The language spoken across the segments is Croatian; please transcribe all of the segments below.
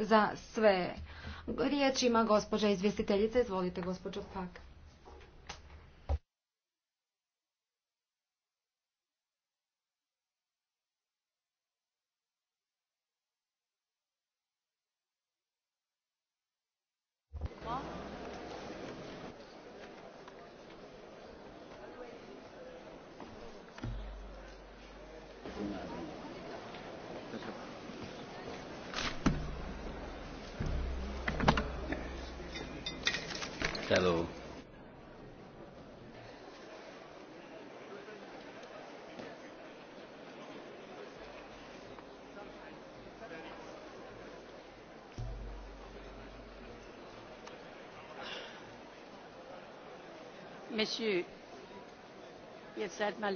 za sve. Riječ ima gospođa izvjestiteljica. Izvolite gospođo Pak.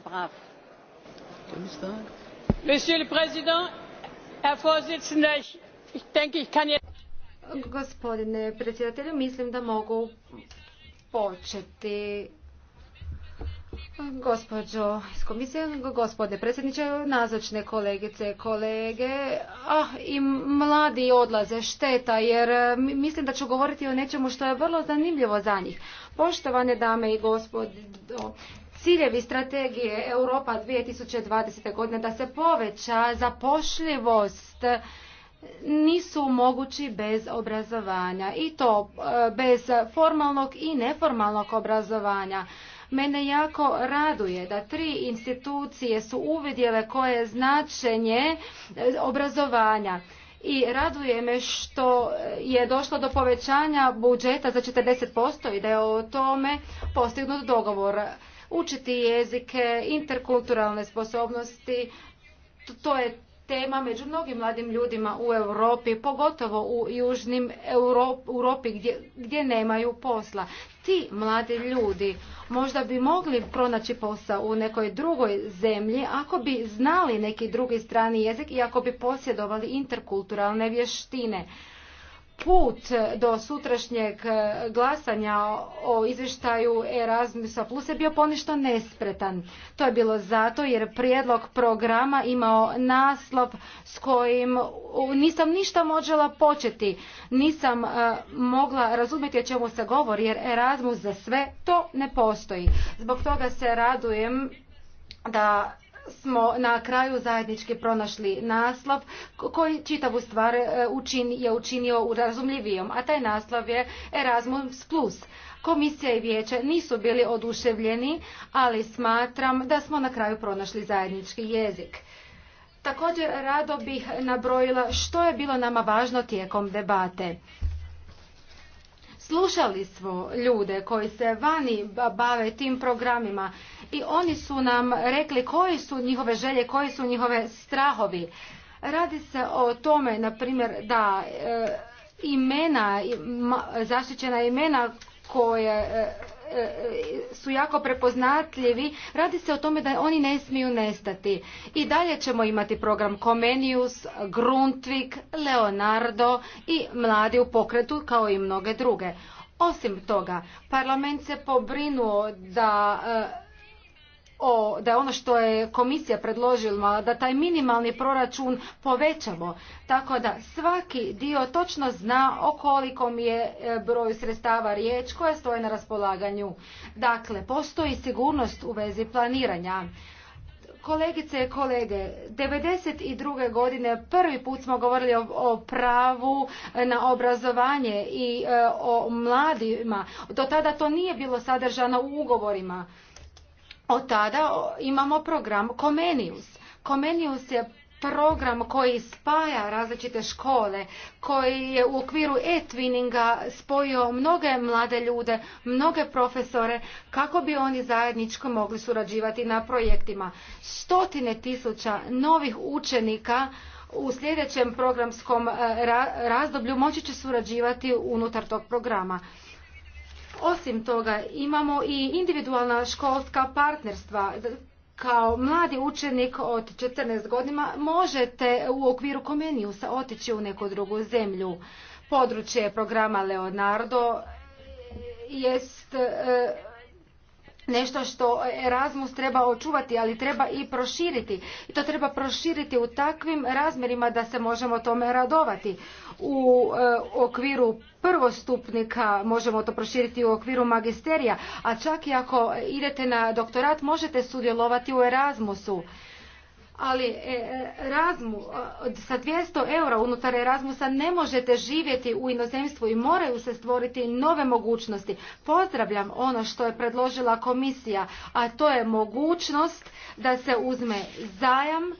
brav. Gospodine predsjedatelju, mislim da mogu početi. Gospođo iz komisije, gospode predsjedniče, nazočne kolegice, kolege, ah, i mladi odlaze, šteta, jer mislim da ću govoriti o nečemu što je vrlo zanimljivo za njih. Poštovane dame i gospodo, ciljevi strategije Europa 2020. godine da se poveća zapošljivost nisu mogući bez obrazovanja i to e, bez formalnog i neformalnog obrazovanja. Mene jako raduje da tri institucije su uvidjele koje je značenje e, obrazovanja i raduje me što je došlo do povećanja budžeta za 40% i da je o tome postignut dogovor. Učiti jezike, interkulturalne sposobnosti, to je tema među mnogim mladim ljudima u Europi, pogotovo u južnim Europi gdje, gdje nemaju posla. Ti mladi ljudi možda bi mogli pronaći posao u nekoj drugoj zemlji ako bi znali neki drugi strani jezik i ako bi posjedovali interkulturalne vještine put do sutrašnjeg glasanja o izvještaju Erasmusa Plus je bio poništo nespretan. To je bilo zato jer prijedlog programa imao naslov s kojim nisam ništa možela početi. Nisam e, mogla razumjeti o čemu se govori jer Erasmus za sve to ne postoji. Zbog toga se radujem da smo na kraju zajednički pronašli naslov koji čitavu stvar e, je učinio razumljivijom, a taj naslov je Erasmus+. Komisija i vijeće nisu bili oduševljeni, ali smatram da smo na kraju pronašli zajednički jezik. Također rado bih nabrojila što je bilo nama važno tijekom debate. Slušali smo ljude koji se vani bave tim programima i oni su nam rekli koje su njihove želje, koji su njihove strahovi. Radi se o tome, na primjer, da e, imena, zaštićena imena koje e, su jako prepoznatljivi, radi se o tome da oni ne smiju nestati. I dalje ćemo imati program Comenius, Grundtvig, Leonardo i Mladi u pokretu kao i mnoge druge. Osim toga, parlament se pobrinuo da da je ono što je komisija predložila, da taj minimalni proračun povećamo. Tako da svaki dio točno zna o kolikom je e, broju sredstava riječ koja stoje na raspolaganju. Dakle, postoji sigurnost u vezi planiranja. Kolegice i kolege, 1992. godine prvi put smo govorili o, pravu na obrazovanje i e, o mladima. Do tada to nije bilo sadržano u ugovorima. Od tada imamo program Comenius. Comenius je program koji spaja različite škole, koji je u okviru e-twinninga spojio mnoge mlade ljude, mnoge profesore, kako bi oni zajedničko mogli surađivati na projektima. Stotine tisuća novih učenika u sljedećem programskom eh, razdoblju moći će surađivati unutar tog programa. Osim toga imamo i individualna školska partnerstva. Kao mladi učenik od 14 godina možete u okviru Komeniusa otići u neku drugu zemlju. Područje programa Leonardo jest e, nešto što Erasmus treba očuvati, ali treba i proširiti. I to treba proširiti u takvim razmjerima da se možemo tome radovati u e, okviru prvostupnika, možemo to proširiti u okviru magisterija, a čak i ako idete na doktorat možete sudjelovati u Erasmusu. Ali e, e, Erasmus, sa 200 eura unutar Erasmusa ne možete živjeti u inozemstvu i moraju se stvoriti nove mogućnosti. Pozdravljam ono što je predložila komisija, a to je mogućnost da se uzme zajam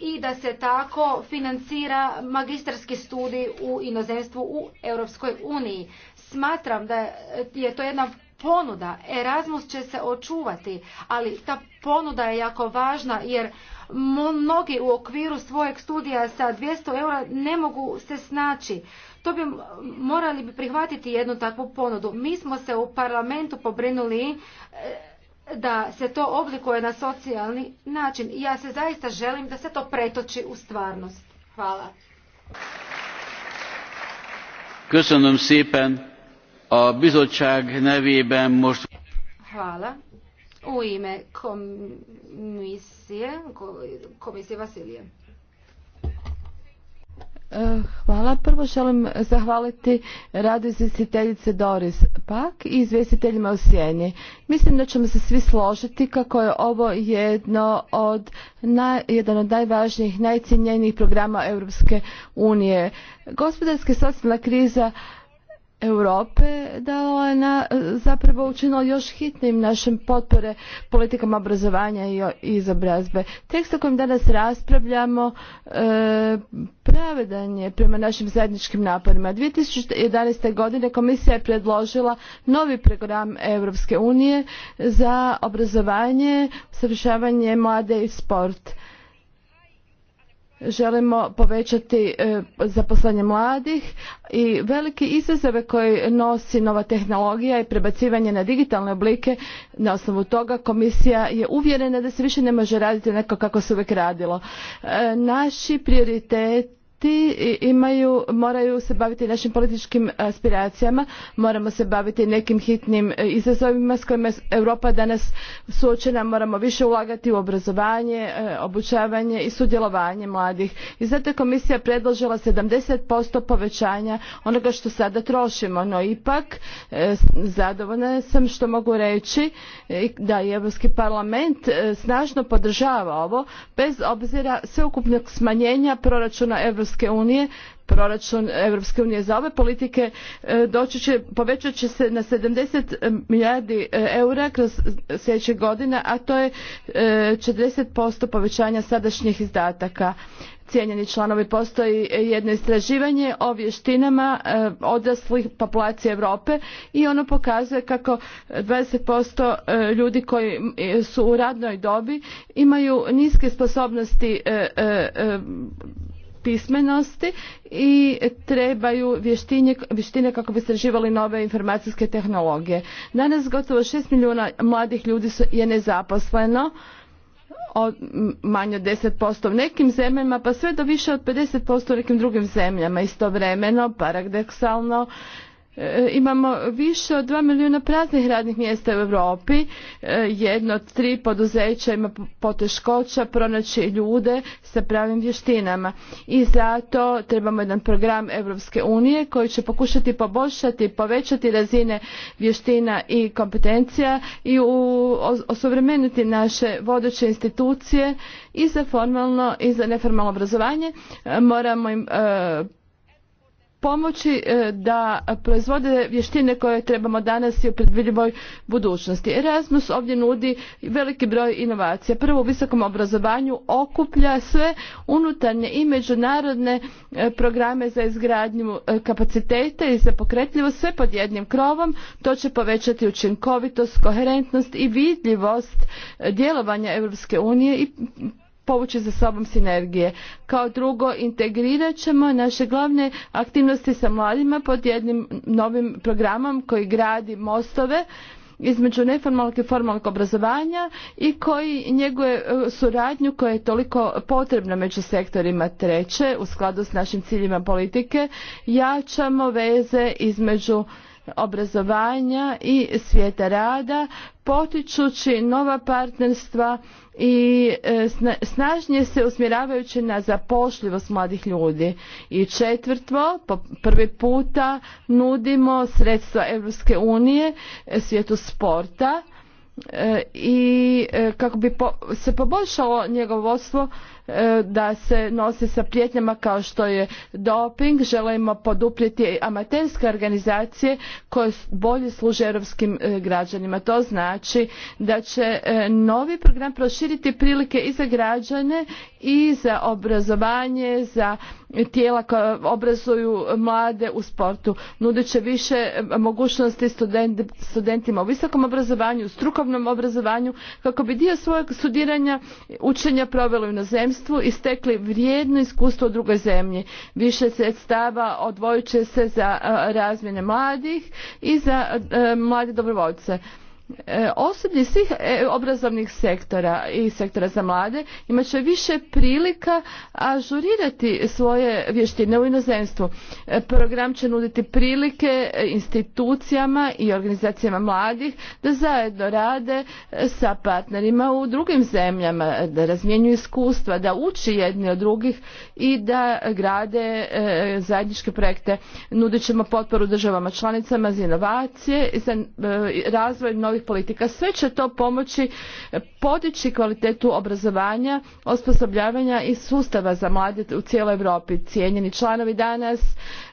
i da se tako financira magistarski studij u inozemstvu u Europskoj uniji. Smatram da je to jedna ponuda. Erasmus će se očuvati, ali ta ponuda je jako važna jer mnogi u okviru svojeg studija sa 200 eura ne mogu se snaći. To bi morali bi prihvatiti jednu takvu ponudu. Mi smo se u parlamentu pobrinuli e, da se to oblikuje na socijalni način. I ja se zaista želim da se to pretoči u stvarnost. Hvala. Hvala. U ime komisije, komisije Vasilije. Hvala. Prvo želim zahvaliti radu izvjestiteljice Doris Pak i izvjestiteljima u Sjeni. Mislim da ćemo se svi složiti kako je ovo jedno od na, jedan od najvažnijih, najcijenjenijih programa Europske unije. Gospodarska i socijalna kriza Europe dala je na, zapravo učinila još hitnim našim potpore politikama obrazovanja i izobrazbe. Tekst o kojem danas raspravljamo e, pravedan je prema našim zajedničkim naporima. 2011. godine komisija je predložila novi program Europske unije za obrazovanje, usavršavanje mlade i sport. Želimo povećati e, zaposlanje mladih i velike izazove koje nosi nova tehnologija i prebacivanje na digitalne oblike. Na osnovu toga komisija je uvjerena da se više ne može raditi onako kako se uvijek radilo. E, naši prioritet ti imaju, moraju se baviti našim političkim aspiracijama, moramo se baviti nekim hitnim e, izazovima s kojima Europa danas suočena, moramo više ulagati u obrazovanje, e, obučavanje i sudjelovanje mladih. I zato je komisija predložila 70% povećanja onoga što sada trošimo, no ipak e, zadovoljna sam što mogu reći da je Europski parlament snažno podržava ovo bez obzira sveukupnog smanjenja proračuna Europske Europske unije, proračun Europske unije za ove politike e, doći će, povećat će se na 70 e, milijardi e, eura kroz sljedeće godine, a to je 40% povećanja sadašnjih izdataka. Cijenjeni članovi, postoji jedno istraživanje o vještinama odraslih populacije Europe i ono pokazuje kako 20% ljudi koji su u radnoj dobi imaju niske sposobnosti pismenosti i trebaju vještine, vještine kako bi istraživali nove informacijske tehnologije. Danas gotovo 6 milijuna mladih ljudi je nezaposleno od manje od 10% u nekim zemljama, pa sve do više od 50% u nekim drugim zemljama. Istovremeno, paradoksalno, E, imamo više od 2 milijuna praznih radnih mjesta u Europi. E, jedno od tri poduzeća ima poteškoća pronaći ljude sa pravim vještinama. I zato trebamo jedan program Europske unije koji će pokušati poboljšati, povećati razine vještina i kompetencija i osuvremeniti naše vodeće institucije i za formalno i za neformalno obrazovanje. E, moramo im pomoći e, da proizvode vještine koje trebamo danas i u predvidljivoj budućnosti. Erasmus ovdje nudi veliki broj inovacija. Prvo u visokom obrazovanju okuplja sve unutarnje i međunarodne e, programe za izgradnju e, kapaciteta i za pokretljivost sve pod jednim krovom. To će povećati učinkovitost, koherentnost i vidljivost djelovanja Europske unije i povući za sobom sinergije. Kao drugo, integrirat ćemo naše glavne aktivnosti sa mladima pod jednim novim programom koji gradi mostove između neformalnog i formalnog obrazovanja i koji njeguje e, suradnju koja je toliko potrebna među sektorima treće u skladu s našim ciljima politike jačamo veze između obrazovanja i svijeta rada potičući nova partnerstva i e, snažnije se usmjeravajući na zapošljivost mladih ljudi. I četvrtvo, po prvi puta nudimo sredstva Europske unije e, svijetu sporta e, i kako bi se poboljšalo njegovo E, da se nose sa prijetnjama kao što je doping, želimo poduprijeti amaterske organizacije koje bolje služe europskim e, građanima. To znači da će e, novi program proširiti prilike i za građane i za obrazovanje, za tijela koja obrazuju mlade u sportu. Nudit će više mogućnosti studentima u visokom obrazovanju, u strukovnom obrazovanju kako bi dio svojeg studiranja učenja proveli u inozemstvu inozemstvu i stekli vrijedno iskustvo u drugoj zemlji. Više sredstava odvojit će se za razmjene mladih i za mlade dobrovoljce. E, osoblje svih e, obrazovnih sektora i sektora za mlade imat će više prilika ažurirati svoje vještine u inozemstvu. E, program će nuditi prilike institucijama i organizacijama mladih da zajedno rade sa partnerima u drugim zemljama, da razmjenjuju iskustva, da uči jedni od drugih i da grade zajedničke projekte. Nudit ćemo potporu državama članicama za inovacije, za razvoj novih politika. Sve će to pomoći e, podići kvalitetu obrazovanja, osposobljavanja i sustava za mlade u cijeloj Europi. Cijenjeni članovi danas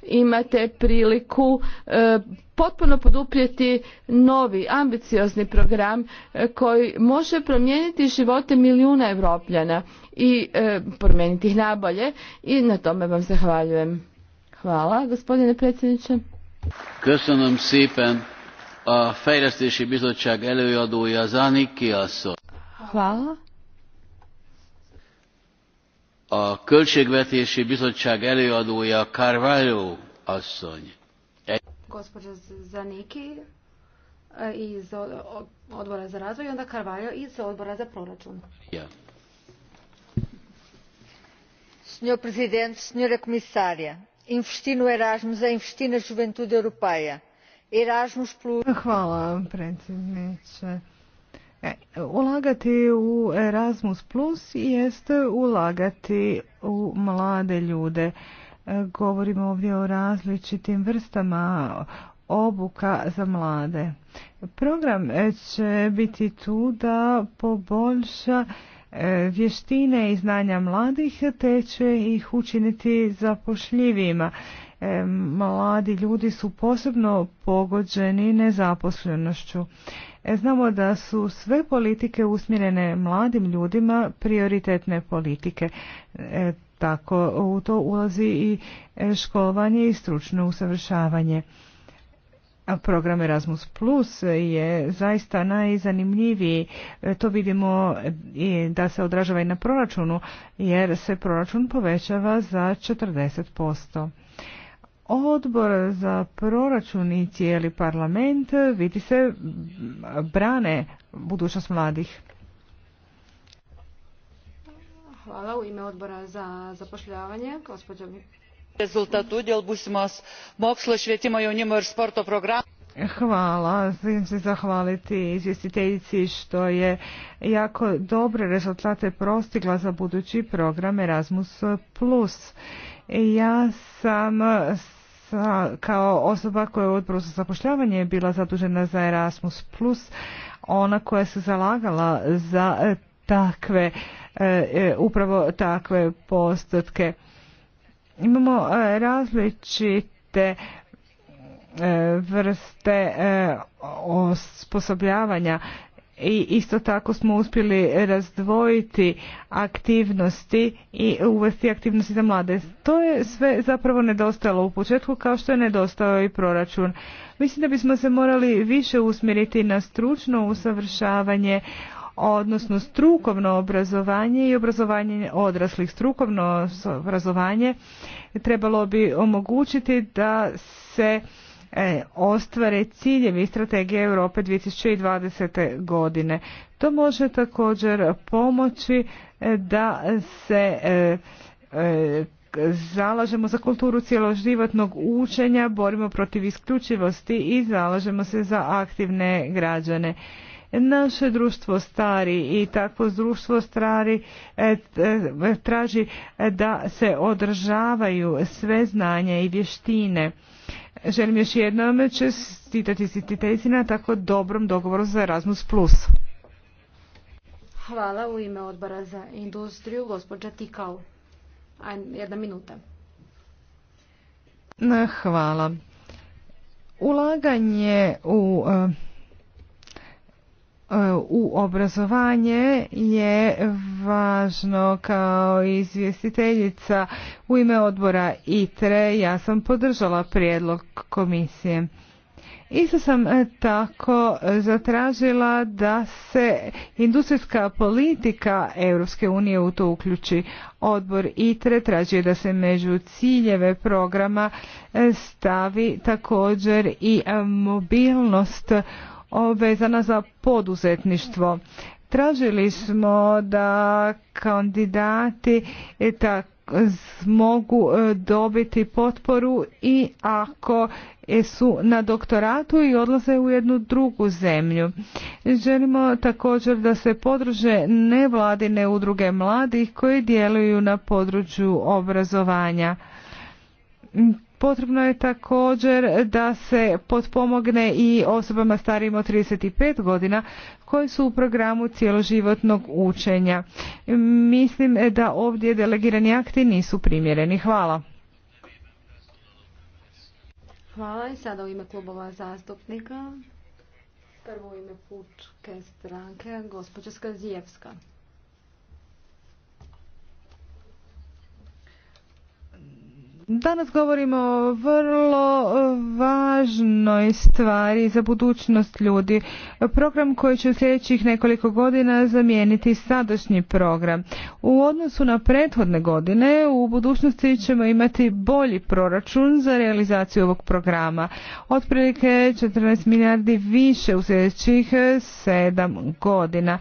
imate priliku e, potpuno poduprijeti novi ambiciozni program e, koji može promijeniti živote milijuna europljana i promijeniti ih nabolje i na tome vam zahvaljujem. Hvala gospodine predsjedniče. A Fejlesztési Bizottság előadója Zániki asszony. Hvala. A Költségvetési Bizottság előadója Carvalho asszony. Gospodja Zaniki e, iz odbora za razvoj i onda Carvalho iz odbora za proračun. Ja. Senhor Presidente, Senhora Comissária, investir no Erasmus é investir na juventude europeia Erasmus plus. Hvala predsjedniče. E, ulagati u Erasmus plus jeste ulagati u mlade ljude. E, govorimo ovdje o različitim vrstama obuka za mlade. Program će biti tu da poboljša e, vještine i znanja mladih te će ih učiniti zapošljivima. E, mladi ljudi su posebno pogođeni nezaposlenošću. E, znamo da su sve politike usmjerene mladim ljudima prioritetne politike. E, tako u to ulazi i školovanje i stručno usavršavanje. A program Erasmus Plus je zaista najzanimljiviji. To vidimo i da se odražava i na proračunu, jer se proračun povećava za 40%. Odbor za proračun i cijeli parlament vidi se brane budućnost mladih. Hvala u ime odbora za zapošljavanje. Gospođa rezultatu dėl smo mokslo švietimo jaunimo jer sporto program. Hvala, želim se zahvaliti izvjestiteljici što je jako dobre rezultate prostigla za budući program Erasmus+. Ja sam sa, kao osoba koja je u odboru za zapošljavanje bila zadužena za Erasmus+, plus ona koja se zalagala za takve, e, e, upravo takve postotke. Imamo e, različite vrste osposobljavanja i isto tako smo uspjeli razdvojiti aktivnosti i uvesti aktivnosti za mlade. To je sve zapravo nedostajalo u početku kao što je nedostao i proračun. Mislim da bismo se morali više usmjeriti na stručno usavršavanje odnosno strukovno obrazovanje i obrazovanje odraslih. Strukovno obrazovanje trebalo bi omogućiti da se E, ostvare ciljevi strategije Europe 2020. godine. To može također pomoći e, da se e, zalažemo za kulturu cjeloživotnog učenja, borimo protiv isključivosti i zalažemo se za aktivne građane. Naše društvo stari i takvo društvo stari traži da se održavaju sve znanja i vještine. Želim još jednom čestitati izvjestiteljici na tako dobrom dogovoru za Erasmus+. Hvala u ime odbora za industriju, gospođa Tikau. Jedna minuta. Hvala. Ulaganje u eh, E, u obrazovanje je važno kao izvjestiteljica u ime odbora ITRE ja sam podržala prijedlog komisije. Isto sam e, tako zatražila da se industrijska politika Europske unije u to uključi. Odbor ITRE tražio da se među ciljeve programa e, stavi također i mobilnost vezana za poduzetništvo. Tražili smo da kandidati e, mogu e, dobiti potporu i ako e, su na doktoratu i odlaze u jednu drugu zemlju. Želimo također da se podrže nevladine udruge mladih koji djeluju na području obrazovanja Potrebno je također da se potpomogne i osobama starijim od 35 godina koji su u programu cjeloživotnog učenja. Mislim da ovdje delegirani akti nisu primjereni. Hvala. Hvala i sada u ime klubova zastupnika. Prvo u ime pučke stranke, gospođa Skazijevska. Danas govorimo o vrlo važnoj stvari za budućnost ljudi. Program koji će u sljedećih nekoliko godina zamijeniti sadašnji program. U odnosu na prethodne godine u budućnosti ćemo imati bolji proračun za realizaciju ovog programa. Otprilike 14 milijardi više u sljedećih sedam godina.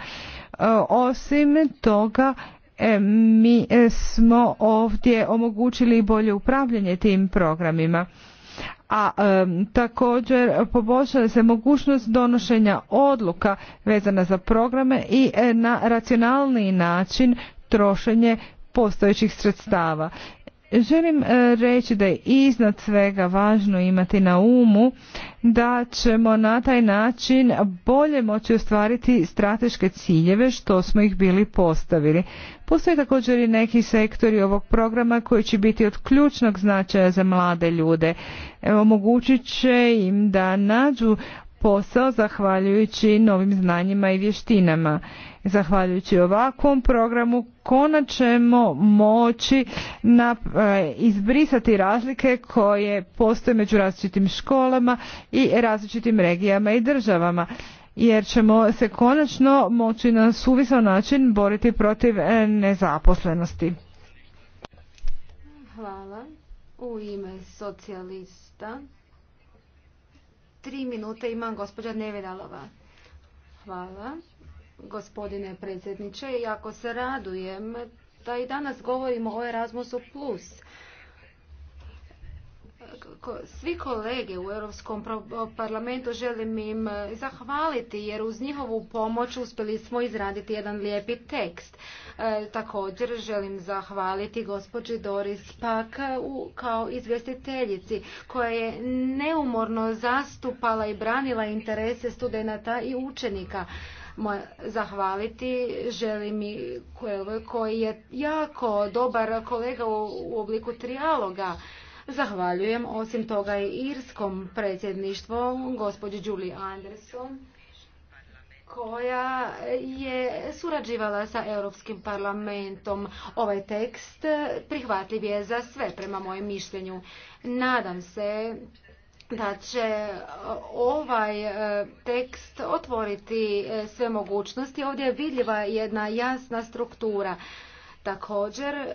E, osim toga E, mi e, smo ovdje omogućili bolje upravljanje tim programima a e, također poboljšala se mogućnost donošenja odluka vezana za programe i na racionalniji način trošenje postojećih sredstava Želim e, reći da je iznad svega važno imati na umu da ćemo na taj način bolje moći ostvariti strateške ciljeve što smo ih bili postavili. Postoje također i neki sektori ovog programa koji će biti od ključnog značaja za mlade ljude. Omogućit će im da nađu posao zahvaljujući novim znanjima i vještinama. Zahvaljujući ovakvom programu konačno ćemo moći e, izbrisati razlike koje postoje među različitim školama i različitim regijama i državama jer ćemo se konačno moći na suvisan način boriti protiv e, nezaposlenosti. Hvala. U ime socijalista. Tri minute imam gospođa Nevedalova. Hvala gospodine predsjedniče. I ako se radujem da i danas govorimo o Erasmusu plus svi kolege u Europskom parlamentu želim im eh, zahvaliti jer uz njihovu pomoć uspjeli smo izraditi jedan lijepi tekst. Eh, također želim zahvaliti gospođi Doris Pak eh, kao izvjestiteljici koja je neumorno zastupala i branila interese studenata i učenika zahvaliti. Želim i koji je jako dobar kolega u obliku trijaloga. Zahvaljujem osim toga i irskom predsjedništvu, gospođi Julie Anderson koja je surađivala sa Europskim parlamentom. Ovaj tekst prihvatljiv je za sve, prema mojem mišljenju. Nadam se da će e, ovaj e, tekst otvoriti e, sve mogućnosti. Ovdje je vidljiva jedna jasna struktura. Također,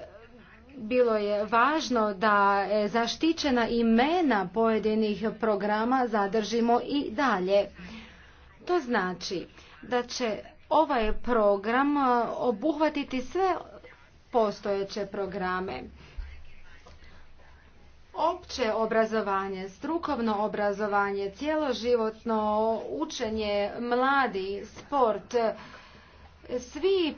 bilo je važno da zaštićena imena pojedinih programa zadržimo i dalje. To znači da će ovaj program obuhvatiti sve postojeće programe opće obrazovanje, strukovno obrazovanje, cjeloživotno učenje, mladi, sport, svi e,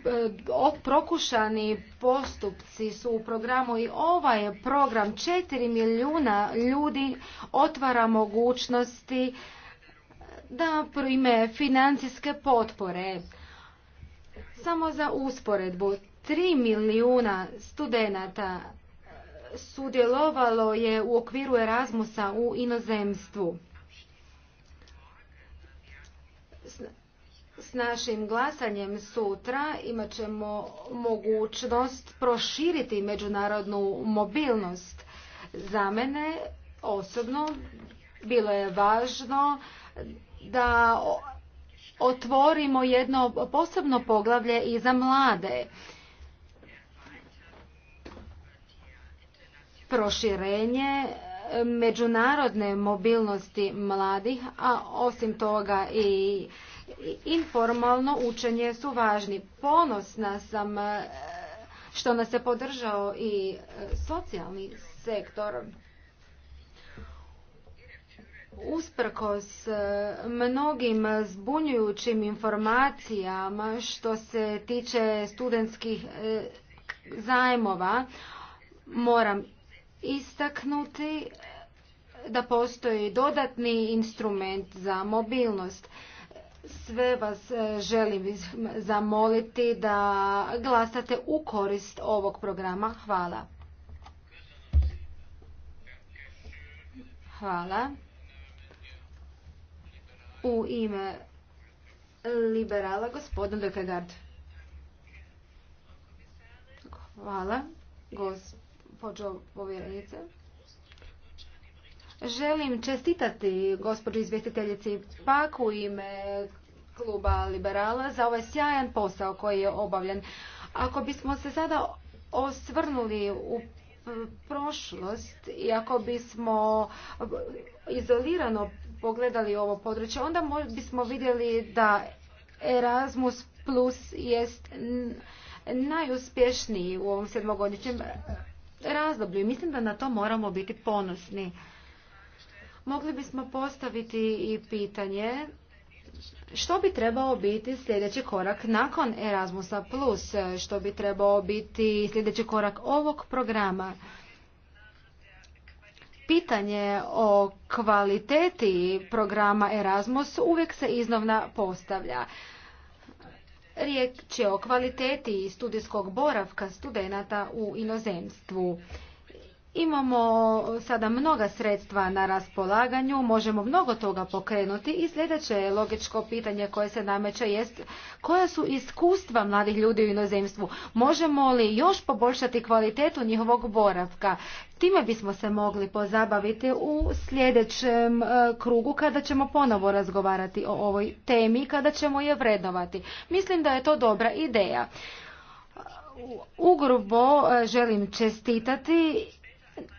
prokušani postupci su u programu i ovaj program 4 milijuna ljudi otvara mogućnosti da prime financijske potpore. Samo za usporedbu, 3 milijuna studenata sudjelovalo je u okviru Erasmusa u inozemstvu. S našim glasanjem sutra imat ćemo mogućnost proširiti međunarodnu mobilnost. Za mene osobno bilo je važno da otvorimo jedno posebno poglavlje i za mlade proširenje e, međunarodne mobilnosti mladih, a osim toga i informalno učenje su važni. Ponosna sam e, što nas je podržao i e, socijalni sektor. Usprkos mnogim zbunjujućim informacijama što se tiče studentskih zajmova, moram istaknuti da postoji dodatni instrument za mobilnost. Sve vas e, želim zamoliti da glasate u korist ovog programa. Hvala. Hvala. U ime liberala gospodin Dekegard. Hvala. Gospodin gospođo povjerenice. Želim čestitati gospođi izvjestiteljici Pak u ime kluba Liberala za ovaj sjajan posao koji je obavljen. Ako bismo se sada osvrnuli u prošlost i ako bismo izolirano pogledali ovo područje, onda bismo vidjeli da Erasmus Plus jest najuspješniji u ovom sedmogodišnjem razdoblju i mislim da na to moramo biti ponosni. Mogli bismo postaviti i pitanje što bi trebao biti sljedeći korak nakon Erasmusa Plus, što bi trebao biti sljedeći korak ovog programa. Pitanje o kvaliteti programa Erasmus uvijek se iznovna postavlja. Riječ je o kvaliteti studijskog boravka studenata u inozemstvu. Imamo sada mnoga sredstva na raspolaganju, možemo mnogo toga pokrenuti i sljedeće logičko pitanje koje se nameće jest koja su iskustva mladih ljudi u inozemstvu, možemo li još poboljšati kvalitetu njihovog boravka. Time bismo se mogli pozabaviti u sljedećem e, krugu kada ćemo ponovo razgovarati o ovoj temi, kada ćemo je vrednovati. Mislim da je to dobra ideja. Ugrubo e, želim čestitati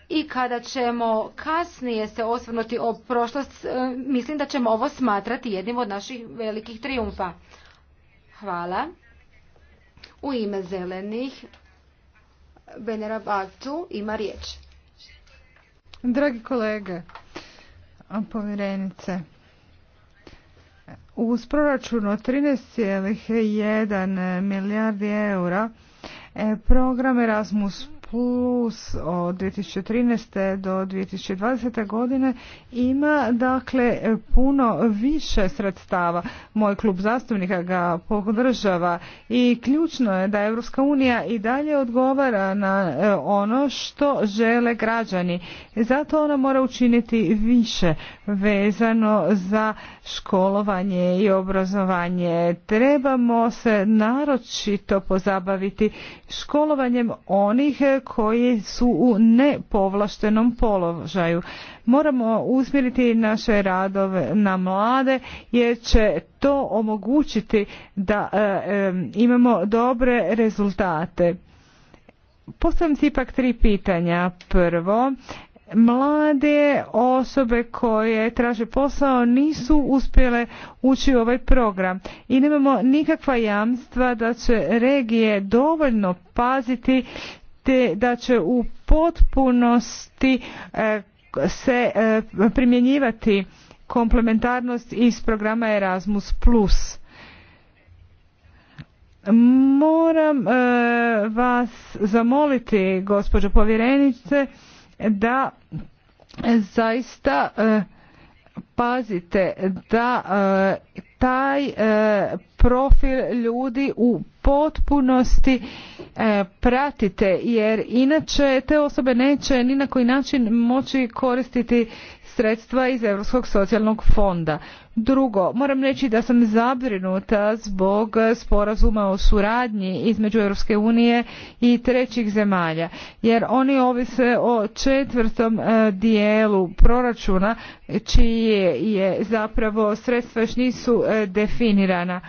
i kada ćemo kasnije se osvrnuti o prošlost, e, mislim da ćemo ovo smatrati jednim od naših velikih triumfa. Hvala. U ime zelenih Benera Batu ima riječ. Dragi kolege, povjerenice, uz proračun od 13,1 milijardi eura e, program Erasmus plus od 2013. do 2020. godine ima dakle puno više sredstava. Moj klub zastupnika ga podržava i ključno je da Europska unija i dalje odgovara na e, ono što žele građani. Zato ona mora učiniti više vezano za školovanje i obrazovanje. Trebamo se naročito pozabaviti školovanjem onih koji su u nepovlaštenom položaju. Moramo usmjeriti naše radove na mlade jer će to omogućiti da e, e, imamo dobre rezultate. Postavljam si ipak tri pitanja. Prvo, mlade osobe koje traže posao nisu uspjele ući u ovaj program i nemamo nikakva jamstva da će regije dovoljno paziti da će u potpunosti e, se e, primjenjivati komplementarnost iz programa Erasmus+. Moram e, vas zamoliti, gospođo povjerenice, da zaista pazite da taj e, profil ljudi u potpunosti e, pratite jer inače te osobe neće ni na koji način moći koristiti sredstva iz Europskog socijalnog fonda. Drugo, moram reći da sam zabrinuta zbog sporazuma o suradnji između Europske unije i trećih zemalja, jer oni ovise o četvrtom e, dijelu proračuna čije je zapravo sredstva još nisu e, definirana.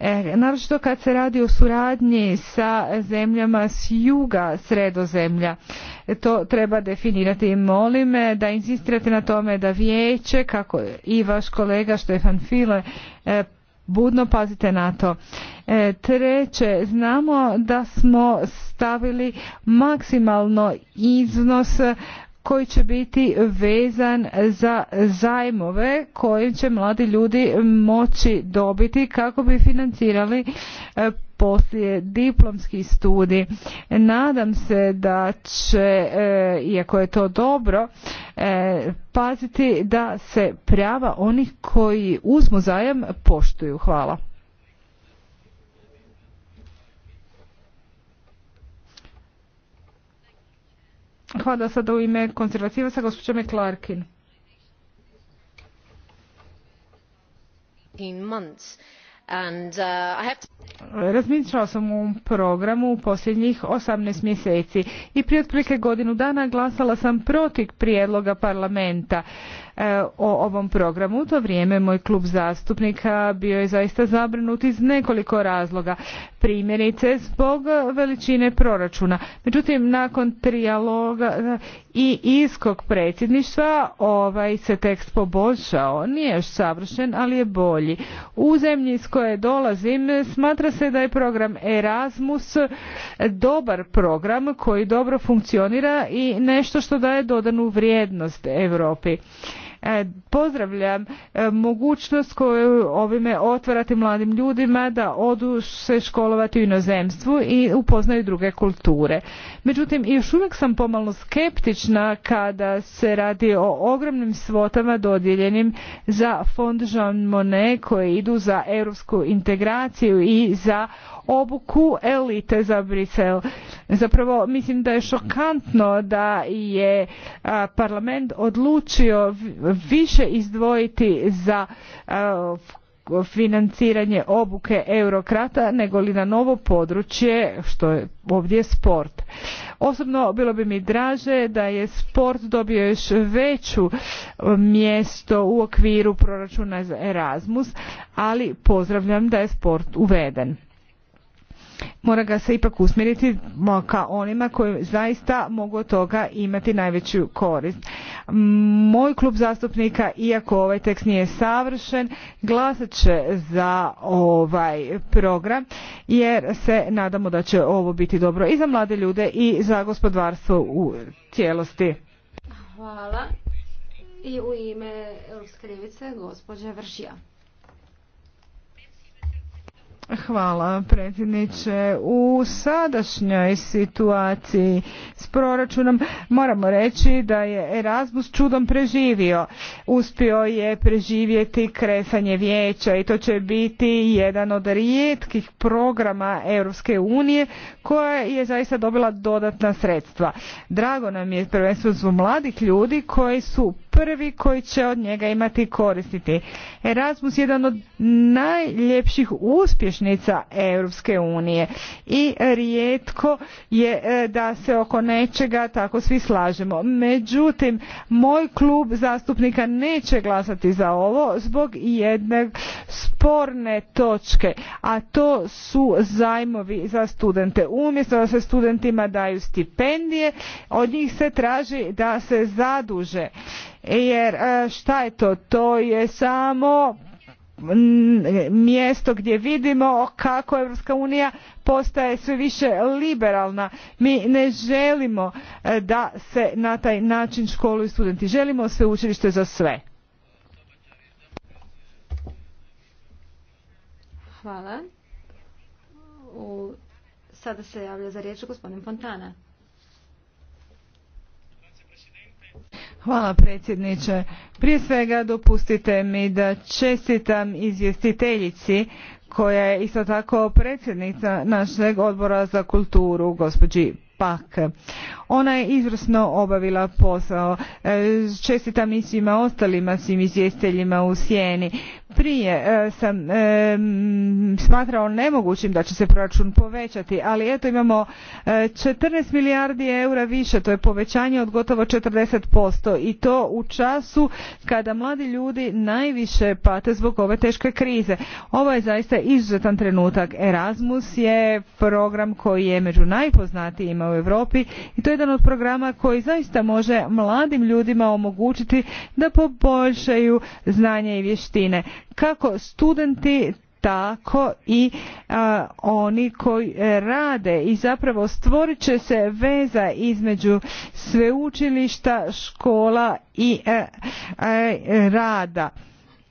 E, naročito kad se radi o suradnji sa zemljama s juga sredozemlja to treba definirati. Molim eh, da insistirate na tome da vijeće, kako i vaš kolega Štefan File, eh, budno pazite na to. Eh, treće, znamo da smo stavili maksimalno iznos koji će biti vezan za zajmove koje će mladi ljudi moći dobiti kako bi financirali e, poslije diplomski studij. Nadam se da će, e, iako je to dobro, e, paziti da se prava onih koji uzmu zajam poštuju. Hvala. Hvala sada u ime konzervativa sa gospođa McClarkin. Uh, razmišljala sam u programu u posljednjih 18 mjeseci i prije otprilike godinu dana glasala sam protiv prijedloga parlamenta E, o ovom programu. U to vrijeme moj klub zastupnika bio je zaista zabrinut iz nekoliko razloga. Primjerice zbog veličine proračuna. Međutim, nakon trijaloga e, i iskog predsjedništva ovaj se tekst poboljšao. Nije još savršen, ali je bolji. U zemlji iz koje dolazim smatra se da je program Erasmus dobar program koji dobro funkcionira i nešto što daje dodanu vrijednost Europi. E, pozdravljam e, mogućnost koju ovime otvarati mladim ljudima da odu se školovati u inozemstvu i upoznaju druge kulture. Međutim, još uvijek sam pomalo skeptična kada se radi o ogromnim svotama dodijeljenim za fond Jean Monnet koji idu za europsku integraciju i za obuku elite za Brisel. Zapravo mislim da je šokantno da je parlament odlučio više izdvojiti za financiranje obuke eurokrata nego li na novo područje što je ovdje sport. Osobno bilo bi mi draže da je sport dobio još veću mjesto u okviru proračuna za Erasmus, ali pozdravljam da je sport uveden mora ga se ipak usmjeriti ka onima koji zaista mogu od toga imati najveću korist. Moj klub zastupnika, iako ovaj tekst nije savršen, glasat će za ovaj program jer se nadamo da će ovo biti dobro i za mlade ljude i za gospodarstvo u cijelosti. Hvala. I u ime Europske ljevice gospođa Vršija. Hvala predsjedniče. U sadašnjoj situaciji s proračunom moramo reći da je Erasmus čudom preživio. Uspio je preživjeti kresanje vijeća i to će biti jedan od rijetkih programa Europske unije koja je zaista dobila dodatna sredstva. Drago nam je prvenstveno zbog mladih ljudi koji su prvi koji će od njega imati koristiti. Erasmus je jedan od najljepših uspješnica Europske unije i rijetko je e, da se oko nečega tako svi slažemo. Međutim, moj klub zastupnika neće glasati za ovo zbog jedne sporne točke, a to su zajmovi za studente. Umjesto da se studentima daju stipendije, od njih se traži da se zaduže jer e, šta je to? To je samo mjesto gdje vidimo kako europska unija postaje sve više liberalna mi ne želimo e, da se na taj način školuju studenti želimo sveučilište za sve hvala sada se javlja za riječ gospodin fontana Hvala predsjedniče. Prije svega dopustite mi da čestitam izvjestiteljici koja je isto tako predsjednica našeg odbora za kulturu, gospođi pak. Ona je izvrsno obavila posao. E, čestitam i svima ostalima, svim izvjestiteljima u sjeni. Prije e, sam e, smatrao nemogućim da će se proračun povećati, ali eto imamo 14 milijardi eura više, to je povećanje od gotovo 40% i to u času kada mladi ljudi najviše pate zbog ove teške krize. Ovo je zaista izuzetan trenutak. Erasmus je program koji je među najpoznatijima u Europi i to je jedan od programa koji zaista može mladim ljudima omogućiti da poboljšaju znanje i vještine kako studenti tako i oni koji rade i zapravo stvorit će se veza između sveučilišta, škola i rada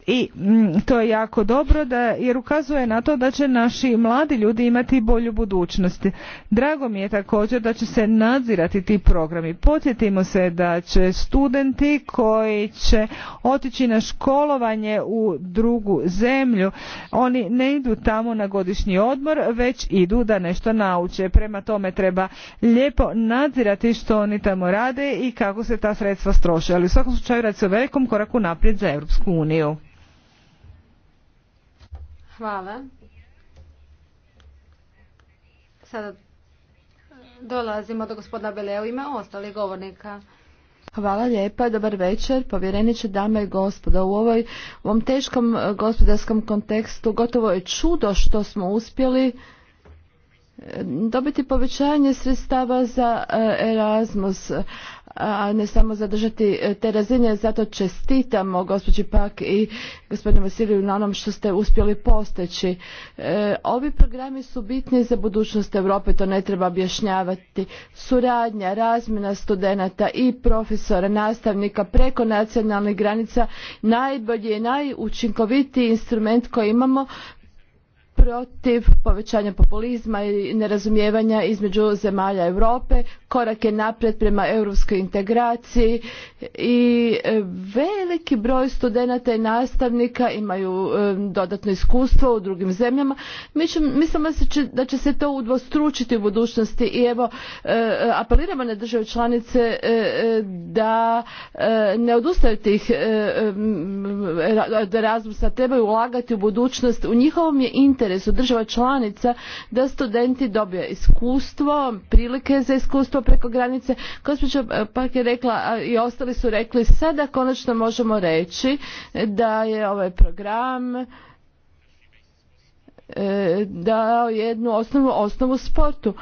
i mm, to je jako dobro jer ukazuje na to da će naši mladi ljudi imati bolju budućnost. Drago mi je također da će se nadzirati ti programi. Podsjetimo se da će studenti koji će otići na školovanje u drugu zemlju, oni ne idu tamo na godišnji odmor, već idu da nešto nauče. Prema tome treba lijepo nadzirati što oni tamo rade i kako se ta sredstva stroše. Ali u svakom slučaju radi se o velikom koraku naprijed za Europsku uniju. Hvala. Sada dolazimo do gospodina Beleu. Ima ostali govornika. Hvala lijepa, dobar večer, povjereniče dame i gospodo. U ovoj, ovom teškom e, gospodarskom kontekstu gotovo je čudo što smo uspjeli e, dobiti povećanje sredstava za e, Erasmus a ne samo zadržati e, te razine. Zato čestitamo gospođi Pak i gospodinu Vasiliju na onom što ste uspjeli postići. E, ovi programi su bitni za budućnost Europe, to ne treba objašnjavati. Suradnja, razmjena studenata i profesora, nastavnika preko nacionalnih granica najbolji i najučinkovitiji instrument koji imamo protiv povećanja populizma i nerazumijevanja između zemalja Europe, korak je naprijed prema europskoj integraciji i e, veliki broj studenata i nastavnika imaju e, dodatno iskustvo u drugim zemljama. Mislim da će se to udvostručiti u budućnosti i evo e, apeliramo na države članice da ne odustaju tih razmusa, trebaju ulagati u budućnost, u njihovom je interesu interesu država članica da studenti dobije iskustvo, prilike za iskustvo preko granice. Gospođa eh, pak je rekla i ostali su rekli sada konačno možemo reći da je ovaj program eh, dao jednu osnovu sportu.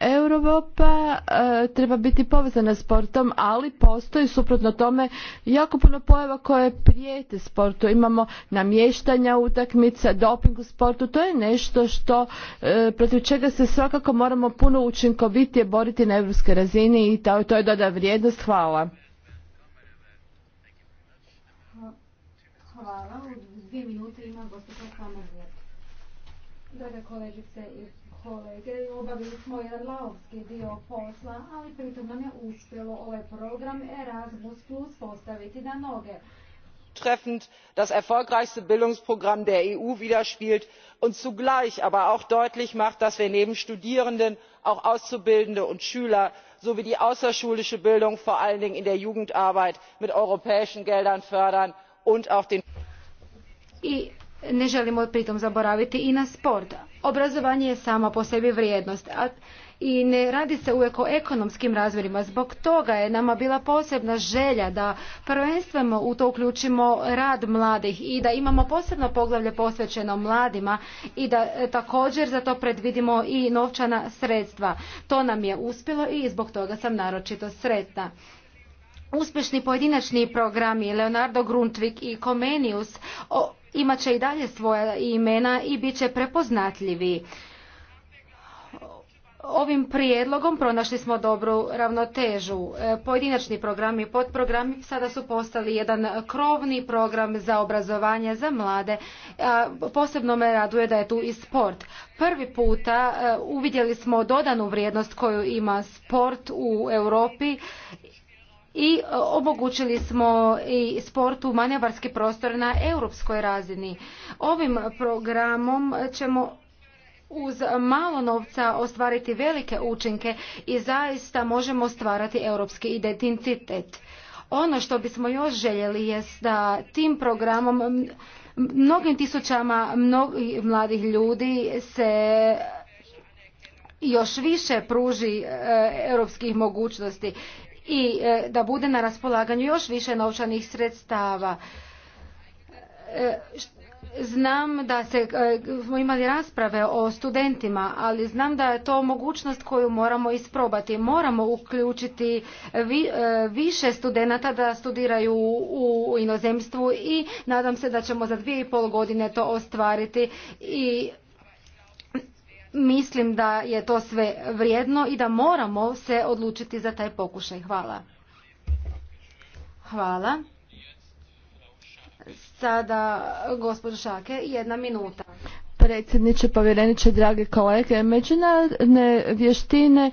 Europa e, treba biti povezana sportom, ali postoji suprotno tome jako puno pojava koje prijete sportu. Imamo namještanja utakmica, doping u sportu, to je nešto što e, protiv čega se svakako moramo puno učinkovitije boriti na europskoj razini i to, to je doda vrijednost. Hvala. Hvala. U dvije minute ima Draga kolegice kolege obavili smo jedan laovski dio posla, ali pritom nam je uspjelo ovaj program Erasmus Plus postaviti na noge. Treffend das erfolgreichste Bildungsprogramm der EU widerspielt und zugleich aber auch deutlich macht, dass wir neben Studierenden auch Auszubildende und Schüler sowie die außerschulische Bildung vor allen Dingen in der Jugendarbeit mit europäischen Geldern fördern und auch den ne želimo pritom zaboraviti i na sport. Obrazovanje je samo po sebi vrijednost a i ne radi se uvijek o ekonomskim razvojima. Zbog toga je nama bila posebna želja da prvenstveno u to uključimo rad mladih i da imamo posebno poglavlje posvećeno mladima i da e, također za to predvidimo i novčana sredstva. To nam je uspjelo i zbog toga sam naročito sretna. Uspješni pojedinačni programi Leonardo Grundtvig i Comenius imat će i dalje svoja imena i bit će prepoznatljivi. Ovim prijedlogom pronašli smo dobru ravnotežu. E, pojedinačni programi i podprogrami sada su postali jedan krovni program za obrazovanje za mlade. Posebno me raduje da je tu i sport. Prvi puta e, uvidjeli smo dodanu vrijednost koju ima sport u Europi i e, omogućili smo i sportu manevarski prostor na europskoj razini. Ovim programom ćemo uz malo novca ostvariti velike učinke i zaista možemo stvarati europski identitet. Ono što bismo još željeli jest da tim programom mnogim tisućama mnogih mladih ljudi se još više pruži e, europskih mogućnosti i e, da bude na raspolaganju još više novčanih sredstava. E, znam da se, e, smo imali rasprave o studentima, ali znam da je to mogućnost koju moramo isprobati. Moramo uključiti vi, više studenata da studiraju u inozemstvu i nadam se da ćemo za dvije i pol godine to ostvariti i mislim da je to sve vrijedno i da moramo se odlučiti za taj pokušaj. Hvala. Hvala. Sada gospođo Šake, jedna minuta predsjedniče povjereniče drage kolege međunarodne vještine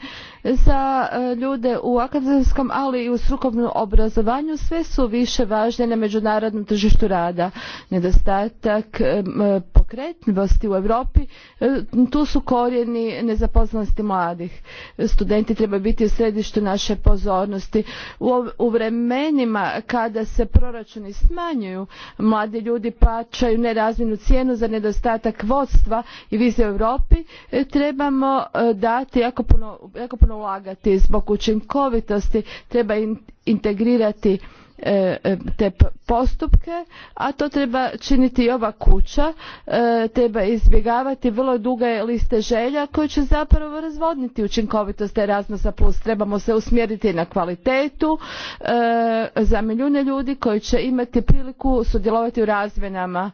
za e, ljude u akademskom ali i u strukovnom obrazovanju sve su više važne na međunarodnom tržištu rada. Nedostatak e, e, pokretnosti u Europi tu su korijeni nezaposlenosti mladih. Studenti treba biti u središtu naše pozornosti. U vremenima kada se proračuni smanjuju, mladi ljudi plaćaju nerazminu cijenu za nedostatak vodstva i vize u Europi, trebamo dati jako puno ulagati zbog učinkovitosti treba integrirati e, e, te postupke a to treba činiti i ova kuća e, treba izbjegavati vrlo duge liste želja koje će zapravo razvodniti učinkovitost erasmusa plus trebamo se usmjeriti na kvalitetu za milijune ljudi koji će imati priliku sudjelovati u razmjenama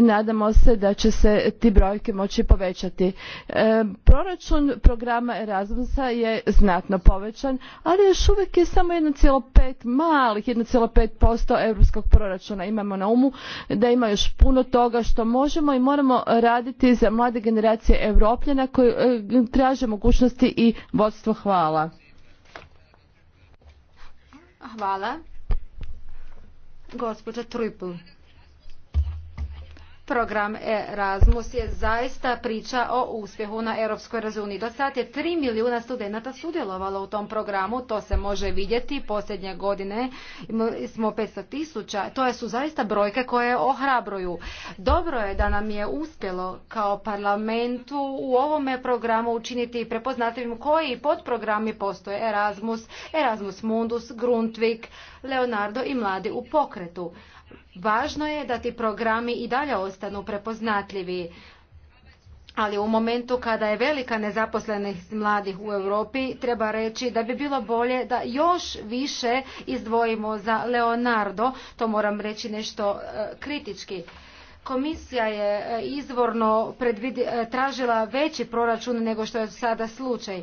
nadamo se da će se ti brojke moći povećati. E, proračun programa Erasmusa je znatno povećan, ali još uvijek je samo 1,5 malih 1,5% europskog proračuna. Imamo na umu da ima još puno toga što možemo i moramo raditi za mlade generacije europljana koji e, traže mogućnosti i vodstvo hvala. Hvala. Gospođa Trujpl. Program Erasmus je zaista priča o uspjehu na europskoj razini. Do sad je 3 milijuna studenata sudjelovalo u tom programu, to se može vidjeti. Posljednje godine smo 500 tisuća. To su zaista brojke koje ohrabruju. Dobro je da nam je uspjelo kao parlamentu u ovome programu učiniti prepoznatljivim koji podprogrami postoje Erasmus, Erasmus Mundus, Grundtvig, Leonardo i Mladi u pokretu. Važno je da ti programi i dalje ostanu prepoznatljivi. Ali u momentu kada je velika nezaposlenih mladih u Europi, treba reći da bi bilo bolje da još više izdvojimo za Leonardo, to moram reći nešto e, kritički. Komisija je e, izvorno e, tražila veći proračun nego što je sada slučaj.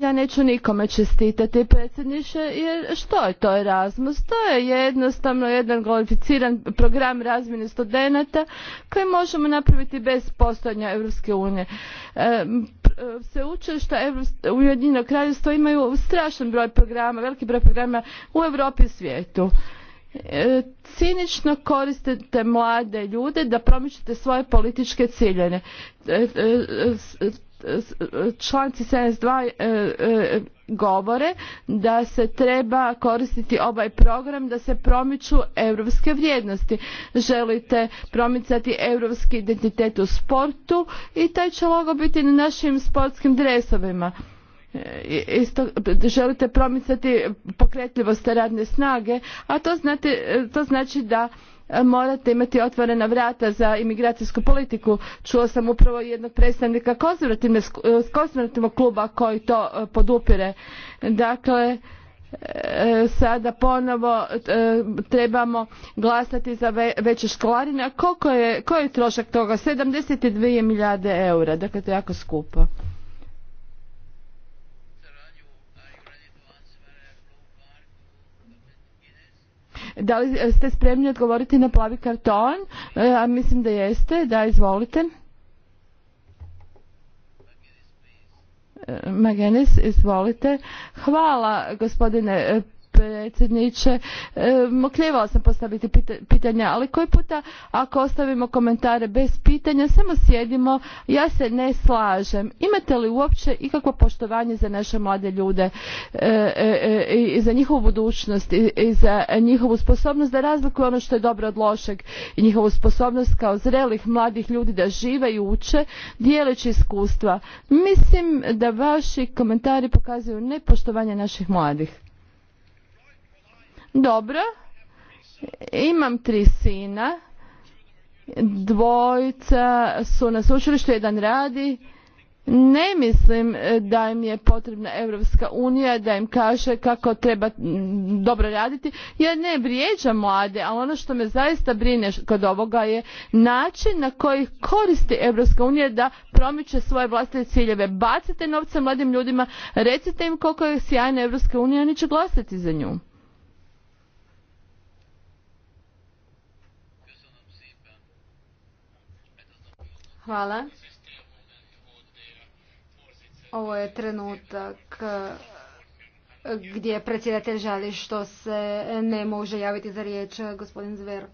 Ja neću nikome čestitati predsjedniče, jer što je to Erasmus? To je jednostavno jedan glorificiran program razmjene studenata koji možemo napraviti bez postojanja Europske unije. E, e, sveučilišta Ujedinjenog kraljevstva imaju strašan broj programa, veliki broj programa u Europi i svijetu e, cinično koristite mlade ljude da promičete svoje političke ciljene članci 72 e, e, govore da se treba koristiti ovaj program da se promiču europske vrijednosti. Želite promicati europski identitet u sportu i taj će logo biti na našim sportskim dresovima. E, isto, želite promicati pokretljivost radne snage, a to, znate, to znači da E, morate imati otvorena vrata za imigracijsku politiku. Čuo sam upravo jednog predstavnika e, konzervativnog kluba koji to e, podupire. Dakle, sada ponovo trebamo glasati za veće školarine. A koliko je, koji je trošak toga? 72 milijarde eura. Dakle, to je jako skupo. Da li ste spremni odgovoriti na plavi karton? E, a mislim da jeste. Da, izvolite. E, Magenis, izvolite. Hvala gospodine e, predsjedniče. mokljevala e, sam postaviti pitanja, ali koji puta ako ostavimo komentare bez pitanja, samo sjedimo, ja se ne slažem. Imate li uopće ikakvo poštovanje za naše mlade ljude e, e, i za njihovu budućnost i za njihovu sposobnost da razlikuju ono što je dobro od lošeg i njihovu sposobnost kao zrelih mladih ljudi da žive i uče, dijeleći iskustva. Mislim da vaši komentari pokazuju nepoštovanje naših mladih. Dobro, imam tri sina, dvojica su na sučilištu, jedan radi. Ne mislim e, da im je potrebna Europska unija da im kaže kako treba dobro raditi Ja ne vrijeđam mlade, ali ono što me zaista brine kod ovoga je način na koji koristi Europska unija da promiče svoje vlastite ciljeve. Bacite novce mladim ljudima, recite im koliko je sjajna Europska unija oni će glasati za nju. Hvala. Ovo je trenutak eh, gdje predsjedatelj žali što se ne može javiti za riječ eh, gospodin Zver.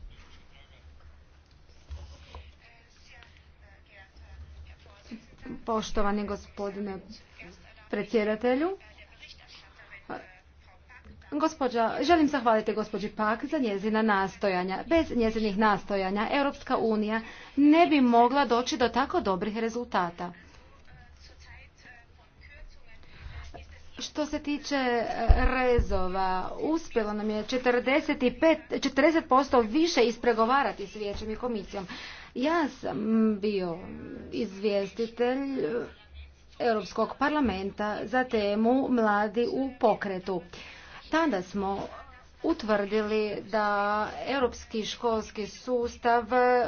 Poštovani gospodine predsjedatelju, želim zahvaliti gospođi Pak za njezina nastojanja. Bez njezinih nastojanja Europska unija ne bi mogla doći do tako dobrih rezultata. Što se tiče e, rezova, uspjelo nam je 45, 40% više ispregovarati s vijećem i komisijom. Ja sam bio izvjestitelj Europskog parlamenta za temu Mladi u pokretu. Tada smo utvrdili da europski školski sustav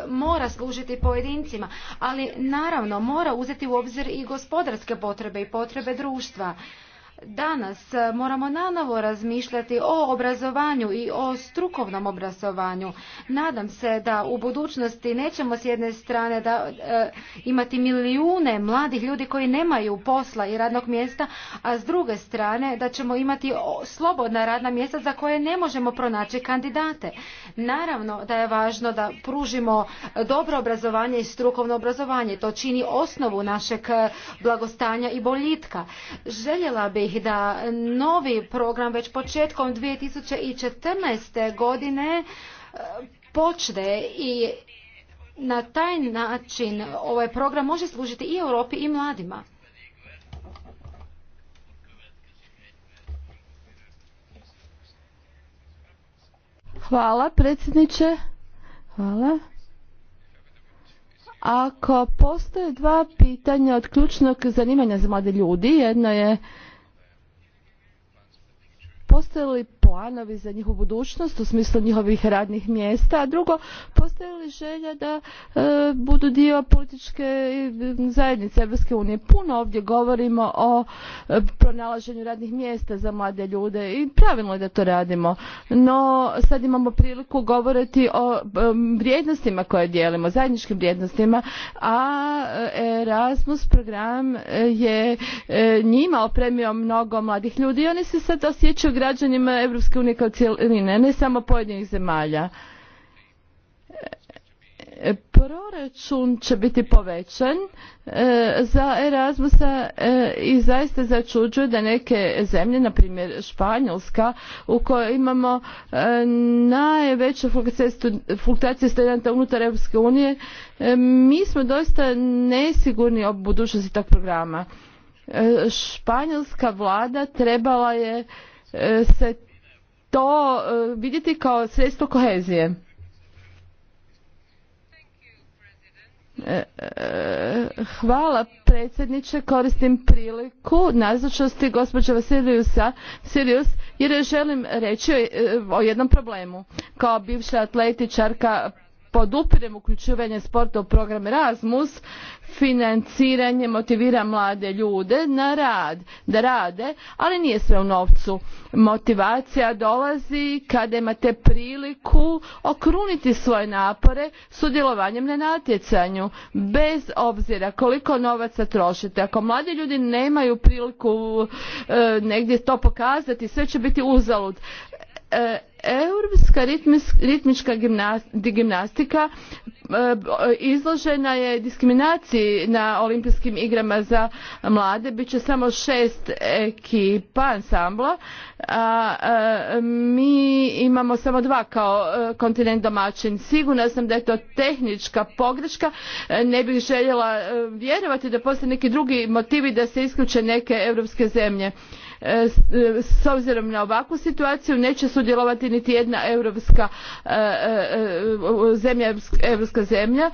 mora služiti pojedincima, ali naravno mora uzeti u obzir i gospodarske potrebe i potrebe društva. Danas moramo nanovo razmišljati o obrazovanju i o strukovnom obrazovanju. Nadam se da u budućnosti nećemo s jedne strane da e, imati milijune mladih ljudi koji nemaju posla i radnog mjesta, a s druge strane da ćemo imati slobodna radna mjesta za koje ne možemo pronaći kandidate. Naravno da je važno da pružimo dobro obrazovanje i strukovno obrazovanje. To čini osnovu našeg e, blagostanja i boljitka. Željela bih da novi program već početkom 2014. godine e, počne i na taj način ovaj program može služiti i Europi i mladima. Hvala predsjedniče. Hvala. Ako postoje dva pitanja od ključnog zanimanja za mlade ljudi, jedno je Postoje li planovi za njihovu budućnost u smislu njihovih radnih mjesta, a drugo postoji li želja da e, budu dio političke e, zajednice Europske unije. Puno ovdje govorimo o e, pronalaženju radnih mjesta za mlade ljude i pravilno je da to radimo. No sad imamo priliku govoriti o vrijednostima koje dijelimo, zajedničkim vrijednostima, a Erasmus program je njima opremio mnogo mladih ljudi i oni se sad osjećaju građanima EU Europske kao cjeline ne samo pojedinih zemalja. E, proračun će biti povećan e, za Erasmusa e, i zaista začuđuje da neke zemlje, na primjer Španjolska, u kojoj imamo najveće fluktuacije studenta unutar Europske unije, mi smo doista nesigurni o budućnosti tog programa španjolska vlada trebala je se to e, vidjeti kao sredstvo kohezije. E, e, hvala predsjedniče, koristim priliku nazočnosti gospođa Vasiliusa Sirius jer želim reći o jednom problemu. Kao bivša atletičarka podupirem uključivanje sporta u program Erasmus, financiranje motivira mlade ljude na rad, da rade, ali nije sve u novcu. Motivacija dolazi kada imate priliku okruniti svoje napore sudjelovanjem na natjecanju, bez obzira koliko novaca trošite. Ako mladi ljudi nemaju priliku e, negdje to pokazati, sve će biti uzalud. E, Europska ritmička gimnastika e, izložena je diskriminaciji na olimpijskim igrama za mlade. će samo šest ekipa ansambla. a, e, mi imamo samo dva kao kontinent domaćin. Sigurna sam da je to tehnička pogreška. Ne bih željela vjerovati da postoje neki drugi motivi da se isključe neke europske zemlje s obzirom na ovakvu situaciju neće sudjelovati niti jedna europska e, e, e, zemlja,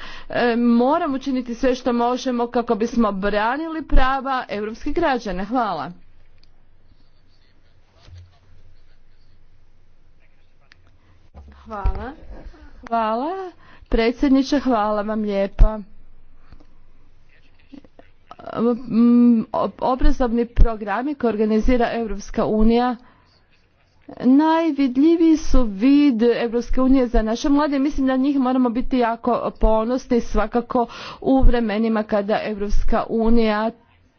Moramo učiniti sve što možemo kako bismo branili prava europskih građana. Hvala. Hvala. Hvala. Predsjedniče, hvala vam lijepa obrazovni programi koje organizira Europska unija najvidljiviji su vid Europske unije za naše mlade. Mislim da njih moramo biti jako ponosni svakako u vremenima kada Europska unija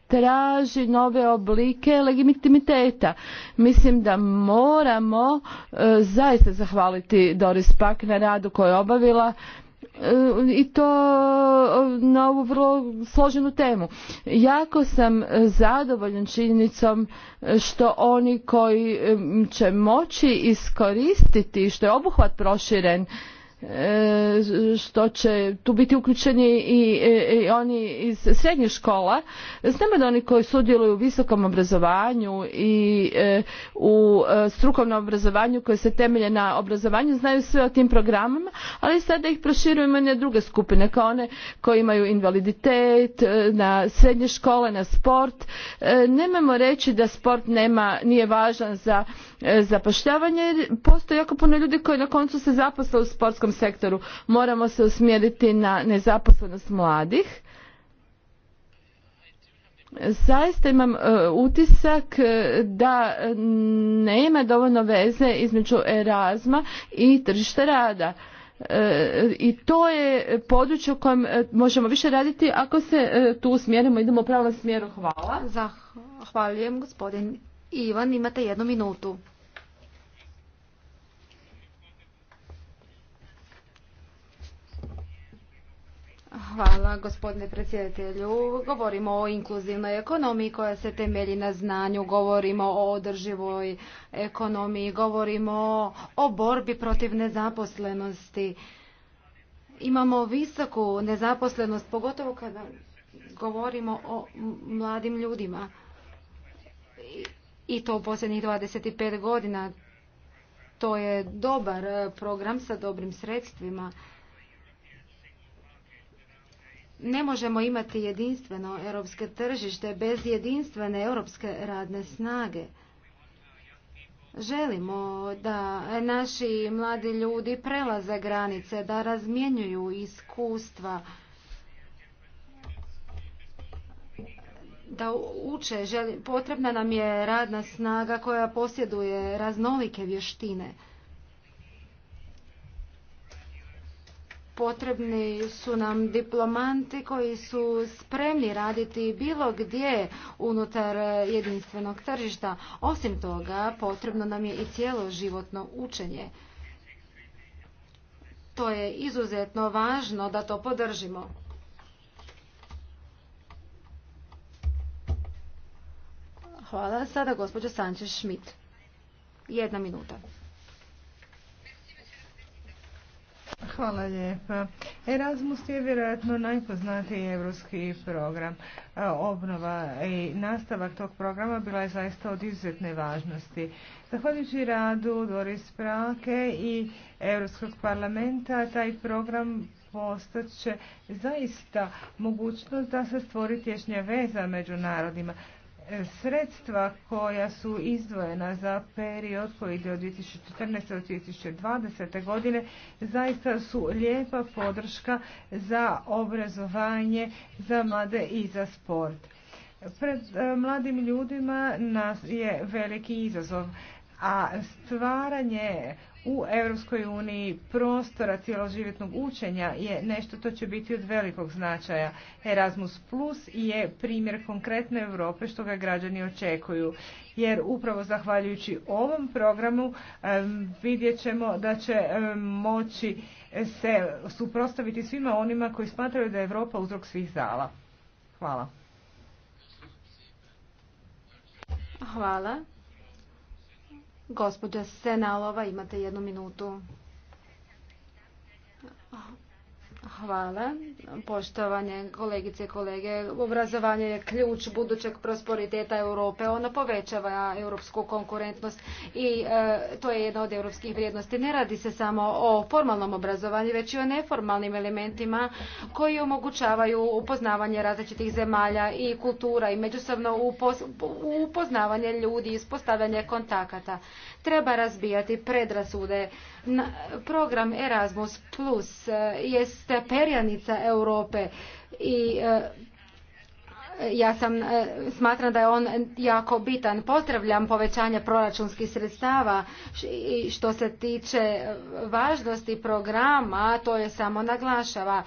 traži nove oblike legitimiteta. Mislim da moramo e, zaista zahvaliti Doris Pak na radu koju je obavila E, i to e, na ovu vrlo složenu temu. Jako sam zadovoljan činjenicom e, što oni koji će moći iskoristiti, što je obuhvat proširen, E, što će tu biti uključeni i, e, e, oni iz srednjih škola. Znamo da oni koji sudjeluju u visokom obrazovanju i u strukovnom obrazovanju koje se temelje na obrazovanju znaju sve o tim programama, ali sada ih proširujemo i na druge skupine, kao one koji imaju invaliditet, na srednje škole, na sport. E, nemamo reći da sport nema, nije važan za zapošljavanje, Postoje jako puno ljudi koji na koncu se zaposle u sportskom sektoru. Moramo se usmjeriti na nezaposlenost mladih. Zaista imam e, utisak e, da nema dovoljno veze između erazma i tržišta rada e, i to je područje u kojem možemo više raditi ako se tu usmjerimo, idemo u pravom smjeru. Hvala. Zahvaljujem gospodin Ivan, imate jednu minutu. Hvala gospodine predsjedatelju. Govorimo o inkluzivnoj ekonomiji koja se temelji na znanju, govorimo o održivoj ekonomiji, govorimo o borbi protiv nezaposlenosti. Imamo visoku nezaposlenost, pogotovo kada govorimo o mladim ljudima. I to u posljednjih 25 godina. To je dobar program sa dobrim sredstvima ne možemo imati jedinstveno europske tržište bez jedinstvene europske radne snage. Želimo da naši mladi ljudi prelaze granice, da razmjenjuju iskustva, da uče. Potrebna nam je radna snaga koja posjeduje raznolike vještine. Potrebni su nam diplomanti koji su spremni raditi bilo gdje unutar jedinstvenog tržišta. Osim toga, potrebno nam je i cijelo životno učenje. To je izuzetno važno da to podržimo. Hvala. Sada gospođo Sanče šmit Jedna minuta. Hvala lijepa. Erasmus je vjerojatno najpoznatiji europski program. E, obnova i nastavak tog programa bila je zaista od izuzetne važnosti. Zahvaljujući radu Doris Prake i Europskog parlamenta, taj program postaće zaista mogućnost da se stvori tješnja veza među narodima sredstva koja su izdvojena za period koji ide od 2014. do 2020. godine zaista su lijepa podrška za obrazovanje, za mlade i za sport. Pred e, mladim ljudima nas je veliki izazov, a stvaranje u Europskoj uniji prostora cijeloživjetnog učenja je nešto to će biti od velikog značaja. Erasmus Plus je primjer konkretne Europe što ga građani očekuju. Jer upravo zahvaljujući ovom programu vidjet ćemo da će moći se suprostaviti svima onima koji smatraju da je Europa uzrok svih zala. Hvala. Hvala. Gospođa Senalova, imate jednu minutu. Hvala. Poštovanje kolegice i kolege, obrazovanje je ključ budućeg prosperiteta Europe. Ono povećava europsku konkurentnost i e, to je jedna od europskih vrijednosti. Ne radi se samo o formalnom obrazovanju, već i o neformalnim elementima koji omogućavaju upoznavanje različitih zemalja i kultura i međusobno upoznavanje ljudi i ispostavljanje kontakata. Treba razbijati predrasude Program Erasmus Plus e, jeste perjanica Europe i e, ja sam e, smatram da je on jako bitan. Pozdravljam povećanje proračunskih sredstava i što se tiče važnosti programa, to je samo naglašava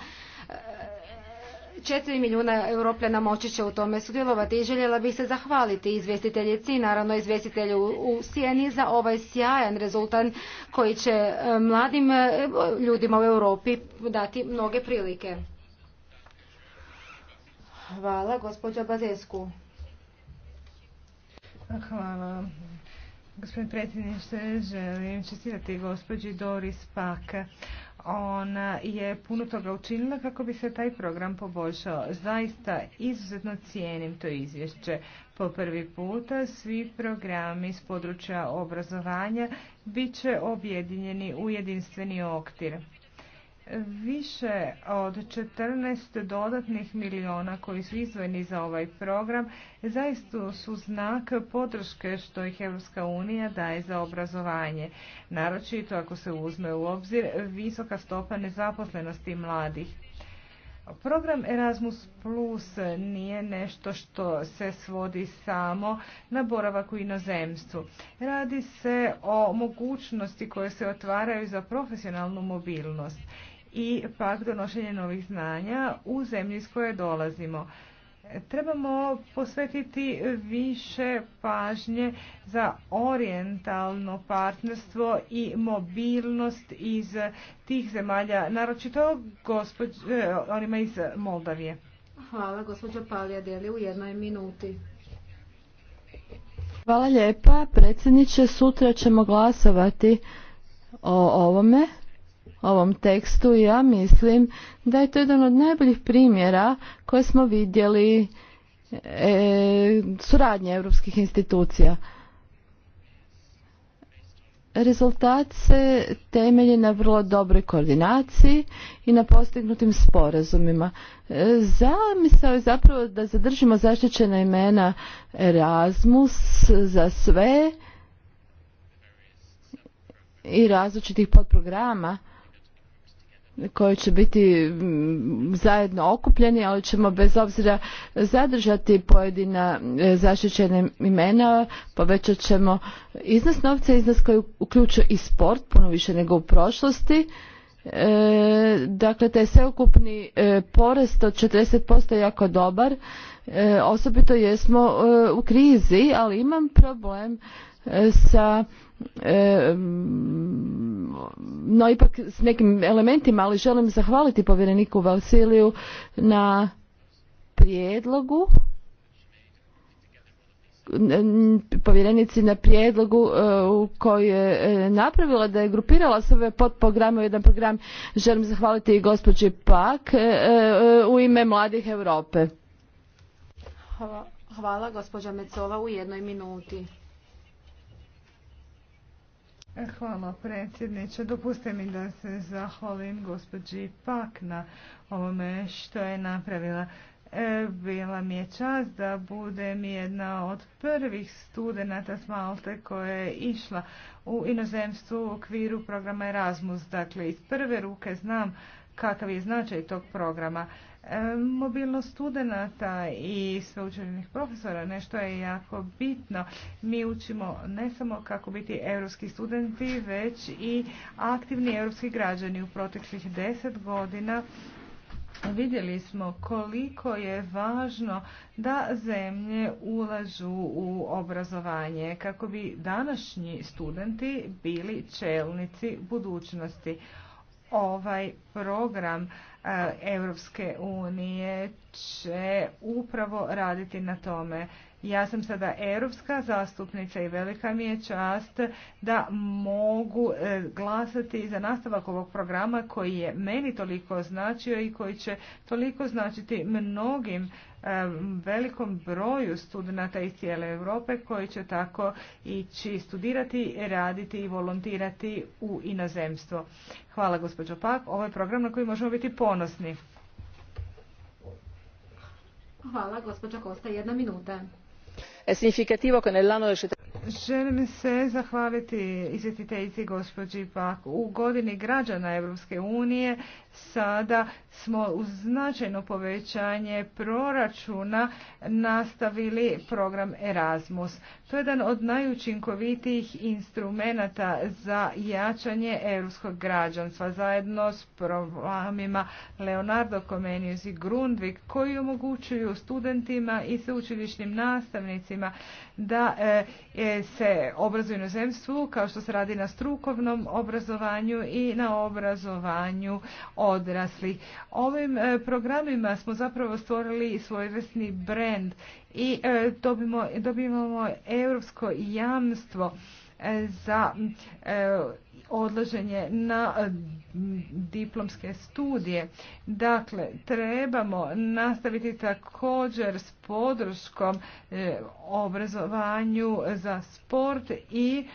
4 milijuna europljana moći će u tome sudjelovati i željela bih se zahvaliti izvjestiteljici, naravno izvjestitelju u Sjeni za ovaj sjajan rezultat koji će e, mladim e, ljudima u Europi dati mnoge prilike. Hvala, gospođa Bazesku. Hvala. Gospodin predsjedniče, želim čestitati gospođi Doris Paka. Ona je puno toga učinila kako bi se taj program poboljšao. Zaista izuzetno cijenim to izvješće. Po prvi puta svi programi iz područja obrazovanja bit će objedinjeni u jedinstveni oktir više od 14 dodatnih milijuna koji su izvojeni za ovaj program zaista su znak podrške što ih EU unija daje za obrazovanje. Naročito ako se uzme u obzir visoka stopa nezaposlenosti mladih. Program Erasmus Plus nije nešto što se svodi samo na boravak u inozemstvu. Radi se o mogućnosti koje se otvaraju za profesionalnu mobilnost i pak donošenje novih znanja u zemlji iz koje dolazimo. Trebamo posvetiti više pažnje za orijentalno partnerstvo i mobilnost iz tih zemalja, naročito e, onima iz Moldavije. Hvala, gospođa Palija Deli, u jednoj minuti. Hvala lijepa, predsjedniče. Sutra ćemo glasovati o ovome ovom tekstu. Ja mislim da je to jedan od najboljih primjera koje smo vidjeli e, suradnje europskih institucija. Rezultat se temelji na vrlo dobroj koordinaciji i na postignutim sporazumima. E, zamisao je zapravo da zadržimo zaštićena imena Erasmus za sve i različitih podprograma koji će biti mm, zajedno okupljeni, ali ćemo bez obzira zadržati pojedina e, zaštićena imena, povećat ćemo iznos novca, iznos koji uključuje i sport, puno više nego u prošlosti. E, dakle, taj sveukupni e, porast od 40% je jako dobar, e, osobito jesmo u krizi, ali imam problem sa E, mm, no ipak s nekim elementima, ali želim zahvaliti povjereniku Valsiliju na prijedlogu povjerenici na prijedlogu e, kojoj je e, napravila da je grupirala sve pod u jedan program. Želim zahvaliti i gospođi Pak u ime Mladih Europe. Hvala, hvala gospođa Mecova u jednoj minuti. Hvala predsjedniče. Dopuste mi da se zahvalim gospođi Pak na ovome što je napravila. E, bila mi je čast da budem jedna od prvih studenata s Malte koja je išla u inozemstvu u okviru programa Erasmus. Dakle, iz prve ruke znam kakav je značaj tog programa. E, mobilnost studenata i sveučilišnih profesora nešto je jako bitno. Mi učimo ne samo kako biti europski studenti, već i aktivni europski građani u proteklih deset godina. Vidjeli smo koliko je važno da zemlje ulažu u obrazovanje kako bi današnji studenti bili čelnici budućnosti. Ovaj program Europske unije će upravo raditi na tome. Ja sam sada europska zastupnica i velika mi je čast da mogu e, glasati za nastavak ovog programa koji je meni toliko značio i koji će toliko značiti mnogim e, velikom broju studenata iz cijele Europe koji će tako ići studirati, raditi i volontirati u inozemstvo. Hvala gospođo Pak, ovo je program na koji možemo biti ponosni. Hvala gospođo Kosta, jedna minuta è significativo che nell'anno. del. Želim se zahvaliti izvjetiteljici gospođi Pak. U godini građana Europske unije sada smo uz značajno povećanje proračuna nastavili program Erasmus. To je jedan od najučinkovitijih instrumenata za jačanje europskog građanstva zajedno s programima Leonardo Comenius i Grundvik koji omogućuju studentima i sveučilišnim nastavnicima da e, e, se obrazuje na zemstvu kao što se radi na strukovnom obrazovanju i na obrazovanju odraslih. Ovim e, programima smo zapravo stvorili svojevrsni brand i dobivamo europsko jamstvo za odlaženje na e, diplomske studije. Dakle, trebamo nastaviti također s podrškom e, obrazovanju za sport i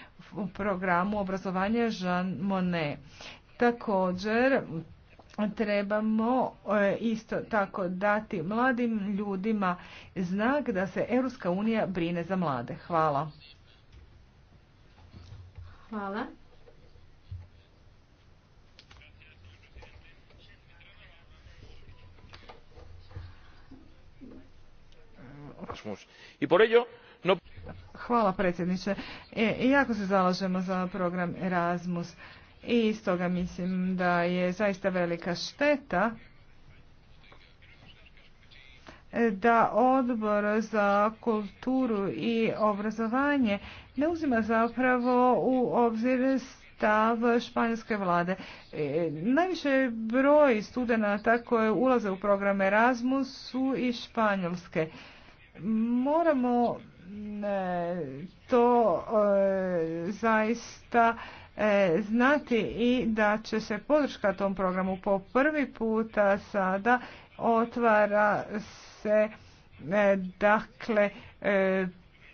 programu obrazovanja Jean Monnet. Također, trebamo e, isto tako dati mladim ljudima znak da se Europska unija brine za mlade. Hvala. Hvala. Hvala predsjedniče. E, jako se zalažemo za program Erasmus i stoga mislim da je zaista velika šteta da odbor za kulturu i obrazovanje ne uzima zapravo u obzir stav španjolske vlade. E, najviše broj studenata koje ulaze u program Erasmus su iz Španjolske moramo to e, zaista e, znati i da će se podrška tom programu po prvi puta sada otvara se e, dakle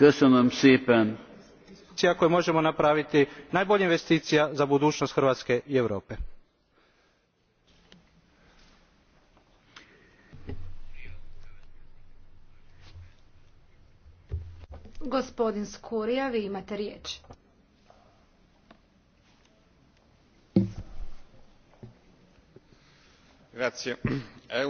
investicija koju možemo napraviti najbolja investicija za budućnost hrvatske i europe. Gospodin imate riječ. Eh,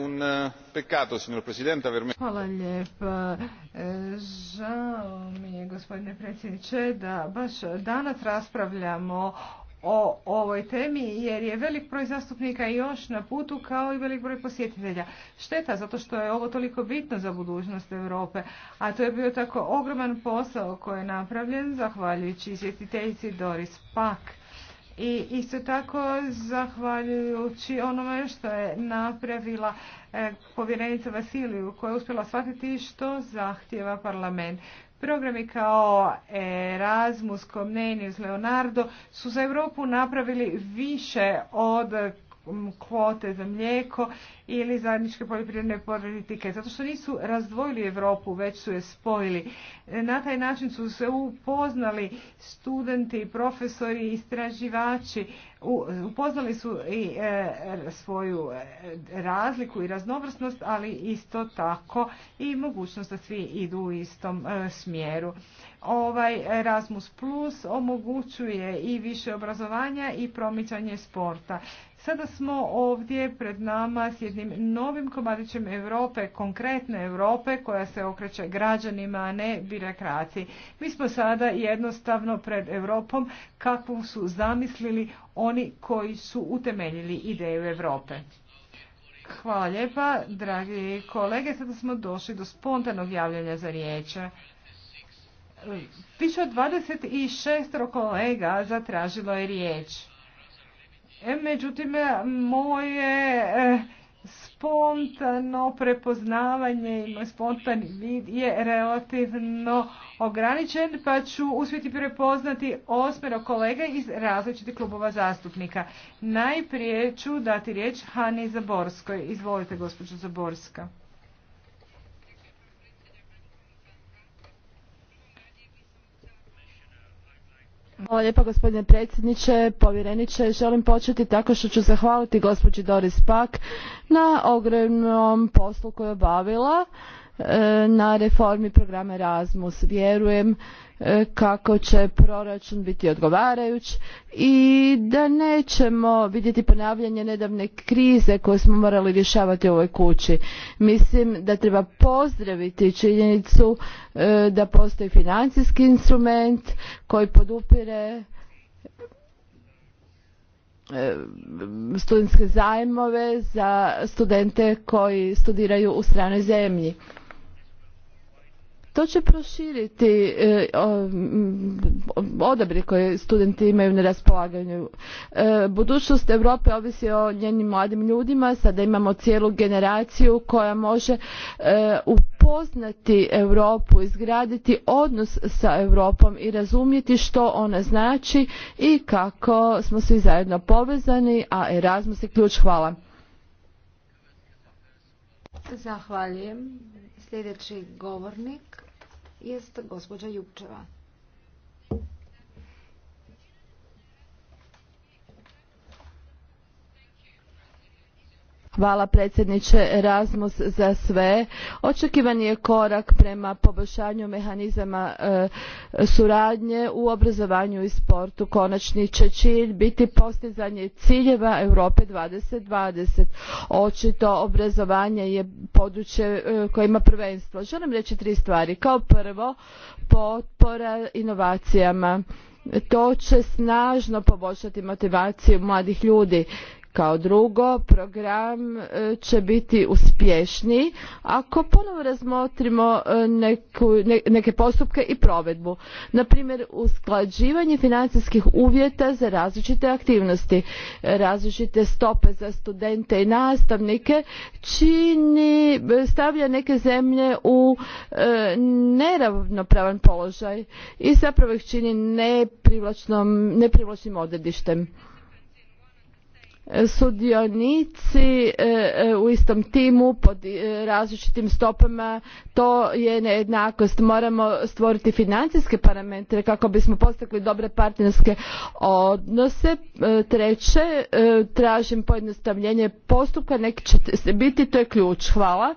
Hvala lijepa. E, žao mi je gospodine predsjedniče da baš danas raspravljamo o ovoj temi jer je velik broj zastupnika još na putu kao i velik broj posjetitelja. Šteta zato što je ovo toliko bitno za budućnost Europe, a to je bio tako ogroman posao koji je napravljen zahvaljujući izvjestiteljici Doris Pak i isto tako zahvaljujući onome što je napravila e, povjerenica Vasiliju koja je uspjela shvatiti što zahtjeva parlament. Programi kao Erasmus, Komnenius, Leonardo su za Europu napravili više od kvote za mlijeko ili zajedničke poljoprivredne politike, zato što nisu razdvojili Europu, već su je spojili. E, na taj način su se upoznali studenti, profesori, istraživači, upoznali su i e, svoju e, razliku i raznovrsnost, ali isto tako i mogućnost da svi idu u istom smjeru. Ovaj Erasmus Plus omogućuje i više obrazovanja i promičanje sporta. Sada smo ovdje pred nama s jednim novim komadićem Europe, konkretne Europe koja se okreće građanima, a ne birokraciji. Mi smo sada jednostavno pred Europom kakvu su zamislili oni koji su utemeljili ideju Europe. Hvala lijepa, dragi kolege. Sada smo došli do spontanog javljanja za riječ. Više od 26 kolega zatražilo je riječ. E, međutim, e, moje e, spontano prepoznavanje i moj spontani vid je relativno ograničen, pa ću uspjeti prepoznati osmero kolega iz različitih klubova zastupnika. Najprije ću dati riječ Hani Zaborskoj. Izvolite, gospođo Zaborska. gospodine predsjedniče, povjereniče. Želim početi tako što ću zahvaliti gospođi Doris Pak na ogromnom poslu koji je obavila E, na reformi programa Erasmus. Vjerujem e, kako će proračun biti odgovarajuć i da nećemo vidjeti ponavljanje nedavne krize koje smo morali rješavati u ovoj kući. Mislim da treba pozdraviti činjenicu e, da postoji financijski instrument koji podupire studentske zajmove za studente koji studiraju u stranoj zemlji to će proširiti e, odabri koje studenti imaju na raspolaganju. E, budućnost Europe ovisi o njenim mladim ljudima. Sada imamo cijelu generaciju koja može e, upoznati Europu, izgraditi odnos sa Europom i razumjeti što ona znači i kako smo svi zajedno povezani, a Erasmus je ključ. Hvala. Zahvaljujem. Sljedeći govornik jest gospođa Jupčeva. Hvala predsjedniče Erasmus za sve. Očekivan je korak prema poboljšanju mehanizama e, suradnje u obrazovanju i sportu. Konačni će biti postizanje ciljeva Europe 2020. Očito obrazovanje je područje e, koje ima prvenstvo. Želim reći tri stvari. Kao prvo, potpora inovacijama to će snažno poboljšati motivaciju mladih ljudi kao drugo, program e, će biti uspješniji ako ponovo razmotrimo e, neku, neke postupke i provedbu. Na primjer, usklađivanje financijskih uvjeta za različite aktivnosti, različite stope za studente i nastavnike čini, e, stavlja neke zemlje u neravnopravan položaj i zapravo ih čini neprivlačnim odredištem sudionici e, e, u istom timu pod e, različitim stopama to je nejednakost moramo stvoriti financijske parametre kako bismo postigli dobre partnerske odnose treće tražim pojednostavljenje postupka neki će biti to je ključ hvala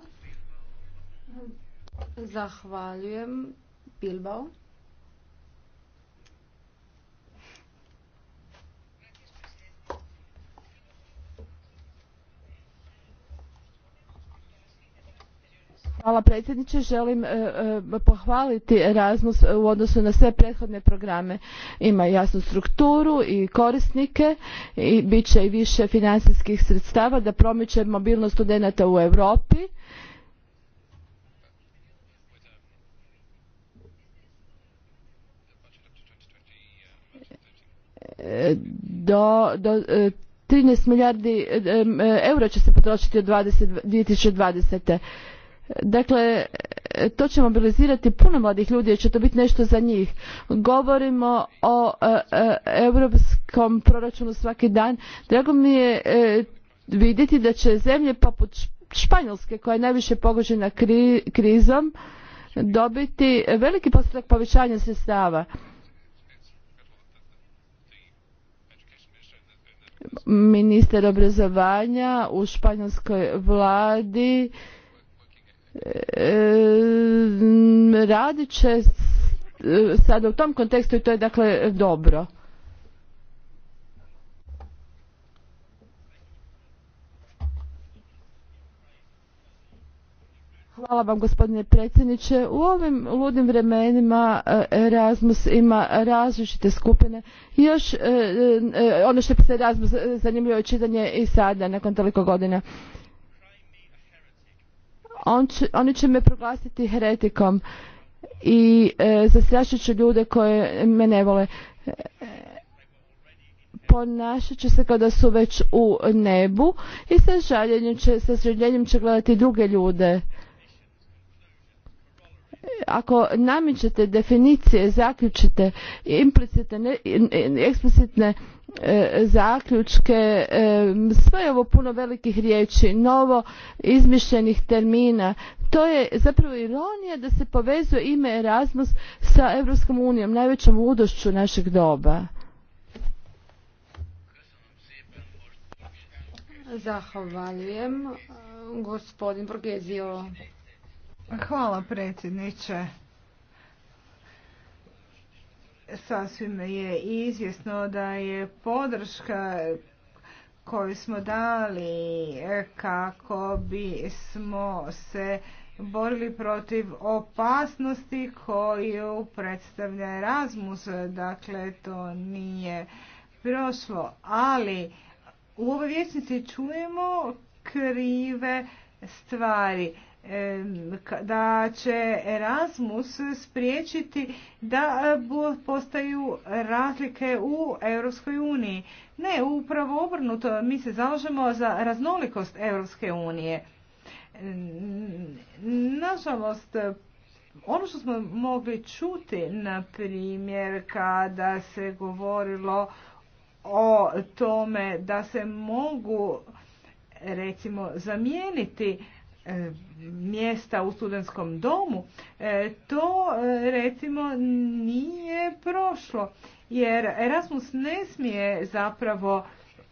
zahvaljujem Bilbao Hvala predsjedniče. Želim e, e, pohvaliti Erasmus u odnosu na sve prethodne programe. Ima jasnu strukturu i korisnike i bit će i više financijskih sredstava da promiče mobilnost studenata u Europi. Do, 13 e, milijardi eura će se potrošiti od 2020. Dakle, to će mobilizirati puno mladih ljudi jer će to biti nešto za njih. Govorimo o e, e, europskom proračunu svaki dan. Drago mi je e, vidjeti da će zemlje poput Španjolske koja je najviše pogođena krizom dobiti veliki postotak povećanja sredstava. Ministar obrazovanja u španjolskoj vladi E, radit će e, sada u tom kontekstu i to je dakle dobro. Hvala vam gospodine predsjedniče. U ovim ludim vremenima e, Erasmus ima različite skupine. Još ono što se Erasmus zanimljivo je čitanje i sada nakon toliko godina oni će me proglasiti heretikom i e, zastrašit će ljude koje me ne vole. E, ponašat će se kada su već u nebu i sa žaljenjem će, sa će gledati druge ljude ako namičete definicije zaključite implicitne eksplicitne e, zaključke e, sve ovo puno velikih riječi novo izmišljenih termina to je zapravo ironija da se povezuje ime Erasmus sa Europskom unijom najvećom udošću našeg doba Zahvaljujem gospodin Borgezio Hvala predsjedniče. Sasvim je izvjesno da je podrška koju smo dali kako bi smo se borili protiv opasnosti koju predstavlja Erasmus. Dakle, to nije prošlo. Ali u ovoj vječnici čujemo krive stvari da će Erasmus spriječiti da e, postaju razlike u Europskoj uniji. Ne, upravo obrnuto, mi se zalažemo za raznolikost Europske unije. Nažalost, ono što smo mogli čuti, na primjer, kada se govorilo o tome da se mogu recimo zamijeniti E, mjesta u studentskom domu, e, to e, recimo nije prošlo. Jer Erasmus ne smije zapravo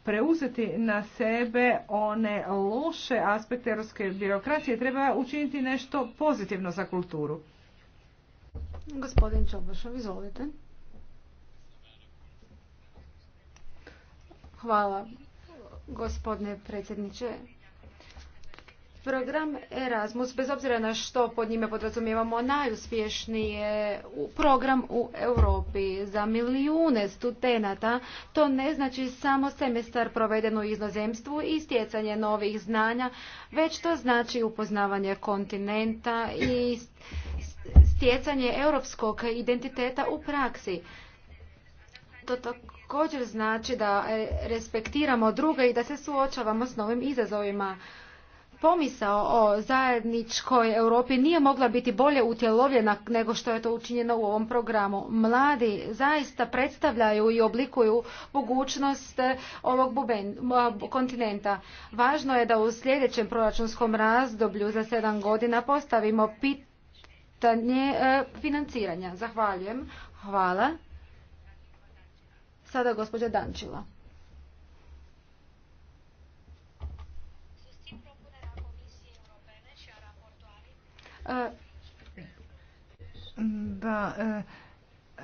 preuzeti na sebe one loše aspekte europske birokracije. Treba učiniti nešto pozitivno za kulturu. Gospodin Čobošov, izvolite. Hvala, gospodine predsjedniče. Program Erasmus, bez obzira na što pod njime podrazumijevamo, najuspješniji je program u Europi za milijune studenata. To ne znači samo semestar proveden u inozemstvu i stjecanje novih znanja, već to znači upoznavanje kontinenta i stjecanje europskog identiteta u praksi. To također znači da e, respektiramo druge i da se suočavamo s novim izazovima pomisao o zajedničkoj Europi nije mogla biti bolje utjelovljena nego što je to učinjeno u ovom programu. Mladi zaista predstavljaju i oblikuju mogućnost eh, ovog buben, eh, kontinenta. Važno je da u sljedećem proračunskom razdoblju za sedam godina postavimo pitanje eh, financiranja. Zahvaljujem. Hvala. Sada gospođa Dančila. da e,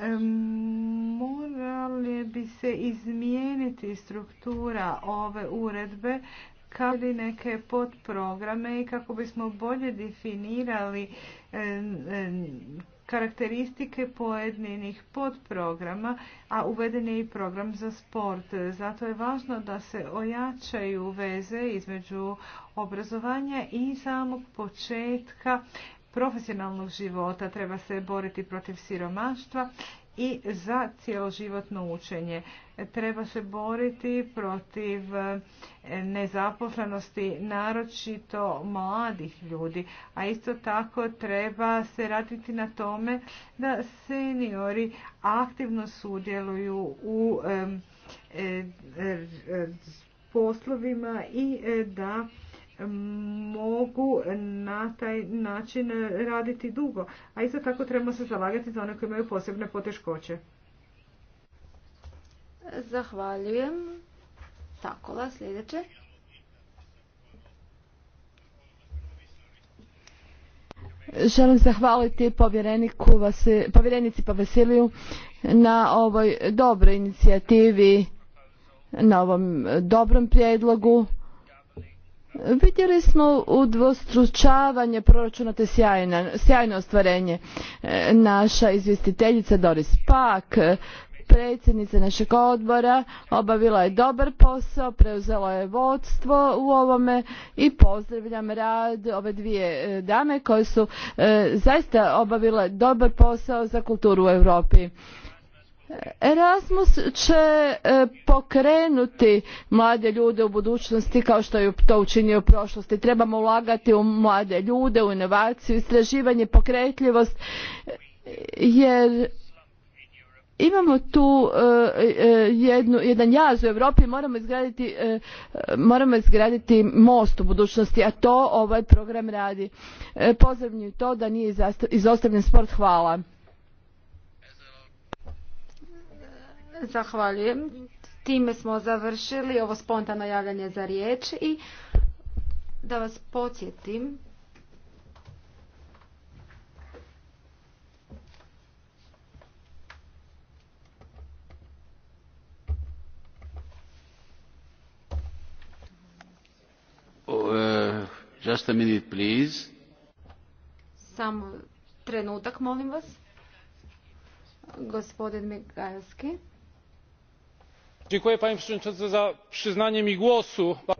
e, morali bi se izmijeniti struktura ove uredbe kao i neke podprograme i kako bismo bolje definirali e, karakteristike pojedinih podprograma, a uveden je i program za sport. Zato je važno da se ojačaju veze između obrazovanja i samog početka profesionalnog života. Treba se boriti protiv siromaštva i za cjeloživotno učenje. Treba se boriti protiv e, nezaposlenosti naročito mladih ljudi, a isto tako treba se raditi na tome da seniori aktivno sudjeluju u e, e, poslovima i da mogu na taj način raditi dugo. A isto tako trebamo se zalagati za one koji imaju posebne poteškoće. Zahvaljujem. Takola, sljedeće. Želim zahvaliti povjereniku, povjerenici Pavesiliju na ovoj dobroj inicijativi, na ovom dobrom prijedlogu Vidjeli smo udvostručavanje proračuna te sjajno, sjajno ostvarenje. E, naša izvjestiteljica Doris Pak, e, predsjednica našeg odbora, obavila je dobar posao, preuzela je vodstvo u ovome i pozdravljam rad ove dvije e, dame koje su zaista obavile dobar posao za kulturu u Europi. Erasmus će e, pokrenuti mlade ljude u budućnosti kao što je to učinio u prošlosti. Trebamo ulagati u mlade ljude, u inovaciju, istraživanje, pokretljivost jer imamo tu e, e, jedan jaz u Europi moramo izgraditi, moramo izgraditi most u budućnosti, a to ovaj program radi. Pozdravljam to da nije izostavljen sport. Hvala. Zahvaljujem. Time smo završili ovo spontano javljanje za riječ i da vas podsjetim oh, Uh, just a minute, please. Samo trenutak, molim vas. Gospodin Migajski.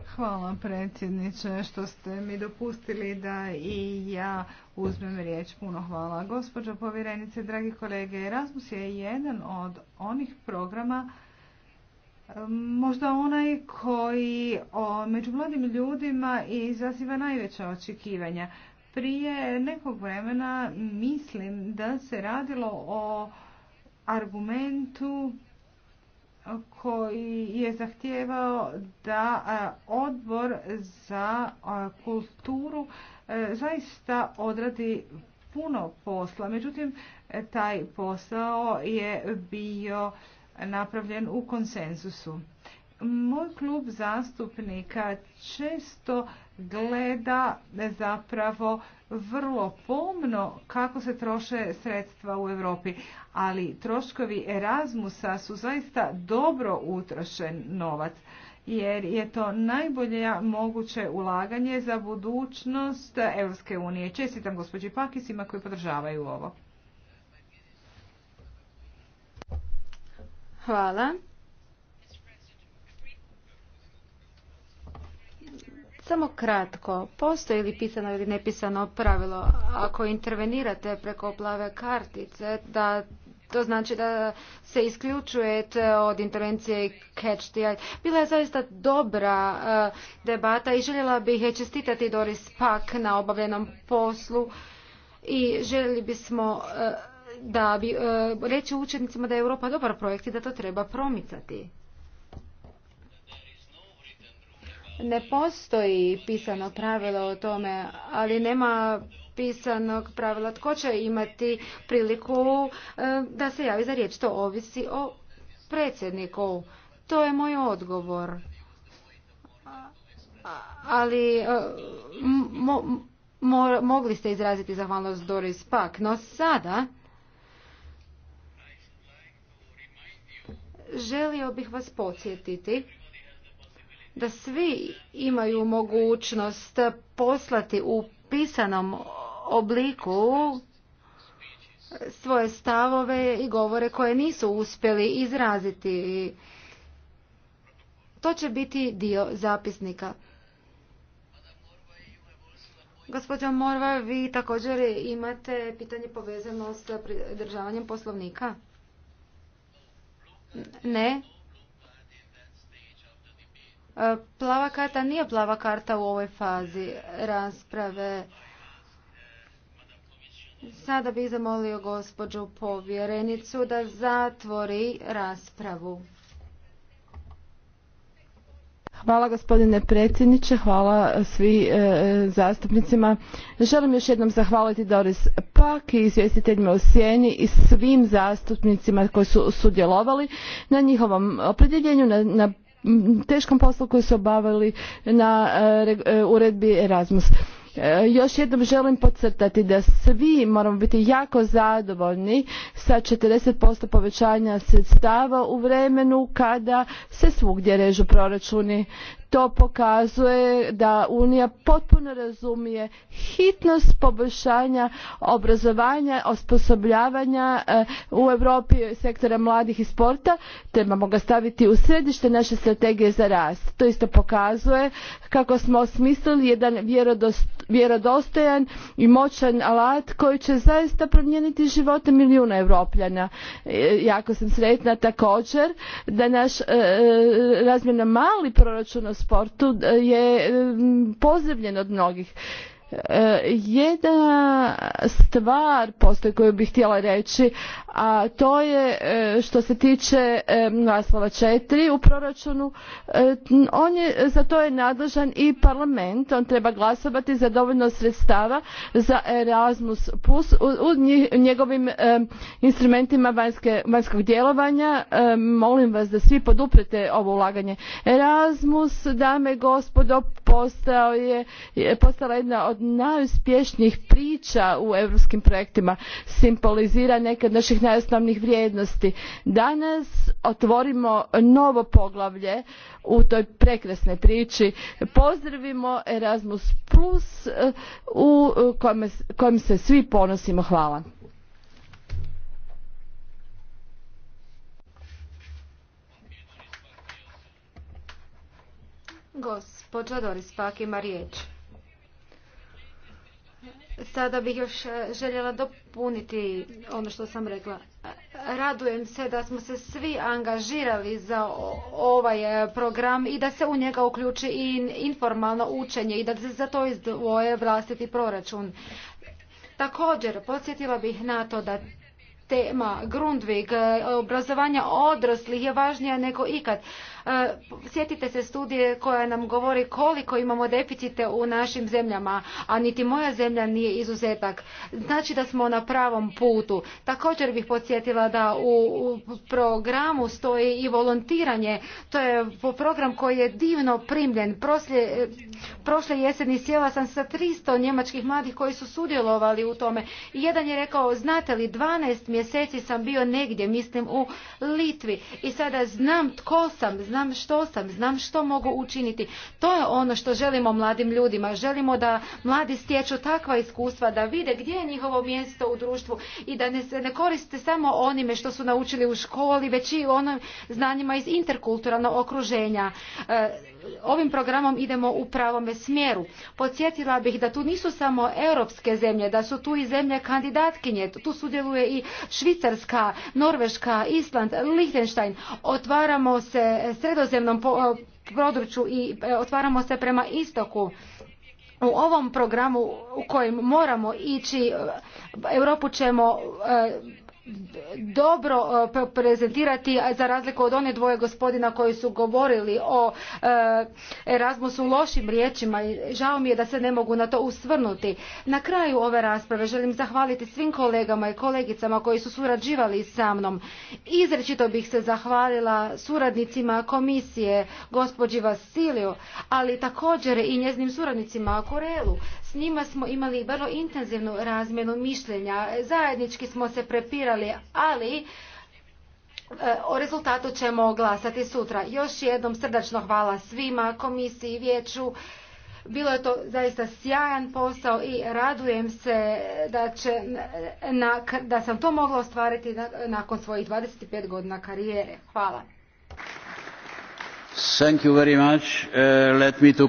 Hvala predsjedniče što ste mi dopustili da i ja uzmem riječ. Puno hvala. Gospođo povjerenice, dragi kolege, Erasmus je jedan od onih programa možda onaj koji o, među mladim ljudima izaziva najveća očekivanja. Prije nekog vremena mislim da se radilo o argumentu koji je zahtijevao da odbor za kulturu e, zaista odradi puno posla. Međutim, e, taj posao je bio napravljen u konsenzusu. Moj klub zastupnika često gleda zapravo vrlo pomno kako se troše sredstva u Europi, ali troškovi Erasmusa su zaista dobro utrošen novac jer je to najbolje moguće ulaganje za budućnost Europske unije. Čestitam gospođi Pakisima koji podržavaju ovo. Hvala. Samo kratko, postoji li pisano ili nepisano pravilo ako intervenirate preko plave kartice da to znači da se isključujete od intervencije Catch the Eye. Bila je zaista dobra eh, debata i željela bih je čestitati Doris Pak na obavljenom poslu i željeli bismo eh, da bi eh, reći učenicima da je Europa dobar projekt i da to treba promicati. Ne postoji pisano pravilo o tome, ali nema pisanog pravila tko će imati priliku e, da se javi za riječ. To ovisi o predsjedniku. To je moj odgovor. Ali e, mogli ste izraziti zahvalnost Doris Pak, no sada želio bih vas podsjetiti da svi imaju mogućnost poslati u pisanom obliku svoje stavove i govore koje nisu uspjeli izraziti. To će biti dio zapisnika. Gospodin Morva, vi također imate pitanje povezano s pridržavanjem poslovnika? Ne. Plava karta nije plava karta u ovoj fazi rasprave. Sada bih zamolio gospođu povjerenicu da zatvori raspravu. Hvala gospodine predsjedniče, hvala e, svi e, e, zastupnicima. Želim još jednom zahvaliti Doris Pak i izvjestiteljima u Sjeni i svim zastupnicima koji su sudjelovali na njihovom opredjeljenju, na, na teškom poslu koji su obavili na e, e, uredbi Erasmus. E, još jednom želim podcrtati da svi moramo biti jako zadovoljni sa 40% povećanja sredstava u vremenu kada se svugdje režu proračuni to pokazuje da unija potpuno razumije hitnost poboljšanja obrazovanja osposobljavanja eh, u europi sektora mladih i sporta trebamo ga staviti u središte naše strategije za rast to isto pokazuje kako smo osmislili jedan vjerodostojan i moćan alat koji će zaista promijeniti živote milijuna europljana eh, jako sam sretna također da naš eh, razmjerno mali proračun sportu e, je pozdravljen od mnogih E, jedna stvar postoji koju bih htjela reći a to je e, što se tiče naslova e, četiri u proračunu on je, za to je nadležan i parlament on treba glasovati za dovoljno sredstava za erasmus plus u njegovim instrumentima vanjske, vanjskog djelovanja molim vas da svi poduprete ovo ulaganje erasmus dame i gospodo postao je, postala jedna od najuspješnijih priča u europskim projektima simbolizira neke od naših najosnovnijih vrijednosti. danas otvorimo novo poglavlje u toj prekrasnoj priči pozdravimo erasmus plus eh, u eh, kojem, se svi ponosimo hvala Gospođa Doris Pak ima Sada bih još e, željela dopuniti ono što sam rekla. Radujem se da smo se svi angažirali za ovaj e, program i da se u njega uključi i informalno učenje i da se za to izdvoje vlastiti proračun. Također, podsjetila bih na to da tema Grundvig e, obrazovanja odraslih je važnija nego ikad. E, sjetite se studije koja nam govori koliko imamo deficite u našim zemljama, a niti moja zemlja nije izuzetak. Znači da smo na pravom putu. Također bih podsjetila da u programu stoji i volontiranje. To je program koji je divno primljen. E, prošle jeseni sjela sam sa 300 njemačkih mladih koji su sudjelovali u tome. jedan je rekao, znate li, 12 mjeseci sam bio negdje, mislim u Litvi. I sada znam tko sam, znam što sam, znam što mogu učiniti. To je ono što želimo mladim ljudima. Želimo da mladi stječu takva iskustva, da vide gdje je njihovo mjesto u društvu i da ne, ne koriste samo onime što su naučili u školi, već i onim znanjima iz interkulturalnog okruženja. E, ovim programom idemo u pravome smjeru. Podsjetila bih da tu nisu samo europske zemlje, da su tu i zemlje kandidatkinje. Tu sudjeluje i Švicarska, Norveška, Island, Liechtenstein. Otvaramo se sredozemnom području i e, otvaramo se prema istoku u ovom programu u kojem moramo ići, e, Europu ćemo e, dobro e, prezentirati za razliku od one dvoje gospodina koji su govorili o e, Erasmusu lošim riječima i žao mi je da se ne mogu na to usvrnuti. Na kraju ove rasprave želim zahvaliti svim kolegama i kolegicama koji su surađivali sa mnom. Izrečito bih se zahvalila suradnicima komisije, gospođi Vasiliju, ali također i njeznim suradnicima Korelu njima smo imali vrlo intenzivnu razmjenu mišljenja, zajednički smo se prepirali, ali e, o rezultatu ćemo glasati sutra. Još jednom srdačno hvala svima, komisiji, i vijeću. Bilo je to zaista sjajan posao i radujem se da, će, da sam to mogla ostvariti nakon svojih 25 godina karijere. Hvala. Thank you very much. Uh, let me to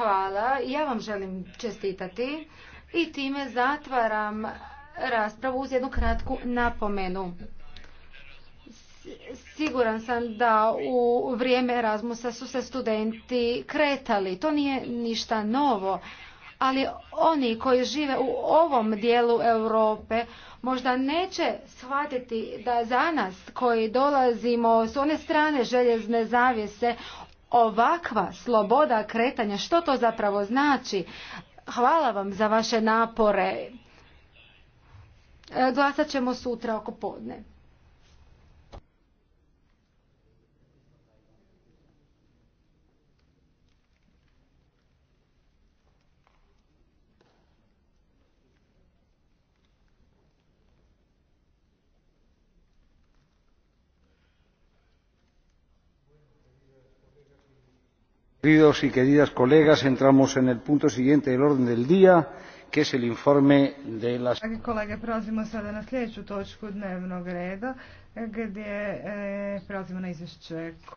Hvala. Ja vam želim čestitati i time zatvaram raspravu uz jednu kratku napomenu. Siguran sam da u vrijeme Erasmusa su se studenti kretali. To nije ništa novo ali oni koji žive u ovom dijelu Europe možda neće shvatiti da za nas koji dolazimo s one strane željezne zavjese ovakva sloboda kretanja, što to zapravo znači? Hvala vam za vaše napore. E, glasat ćemo sutra oko podne. Queridos y queridas colegas, entramos en el punto siguiente del orden del día, que es el informe de las... Dragi kolege, prelazimo sada na sljedeću točku dnevnog reda, gdje e, prelazimo na izvješće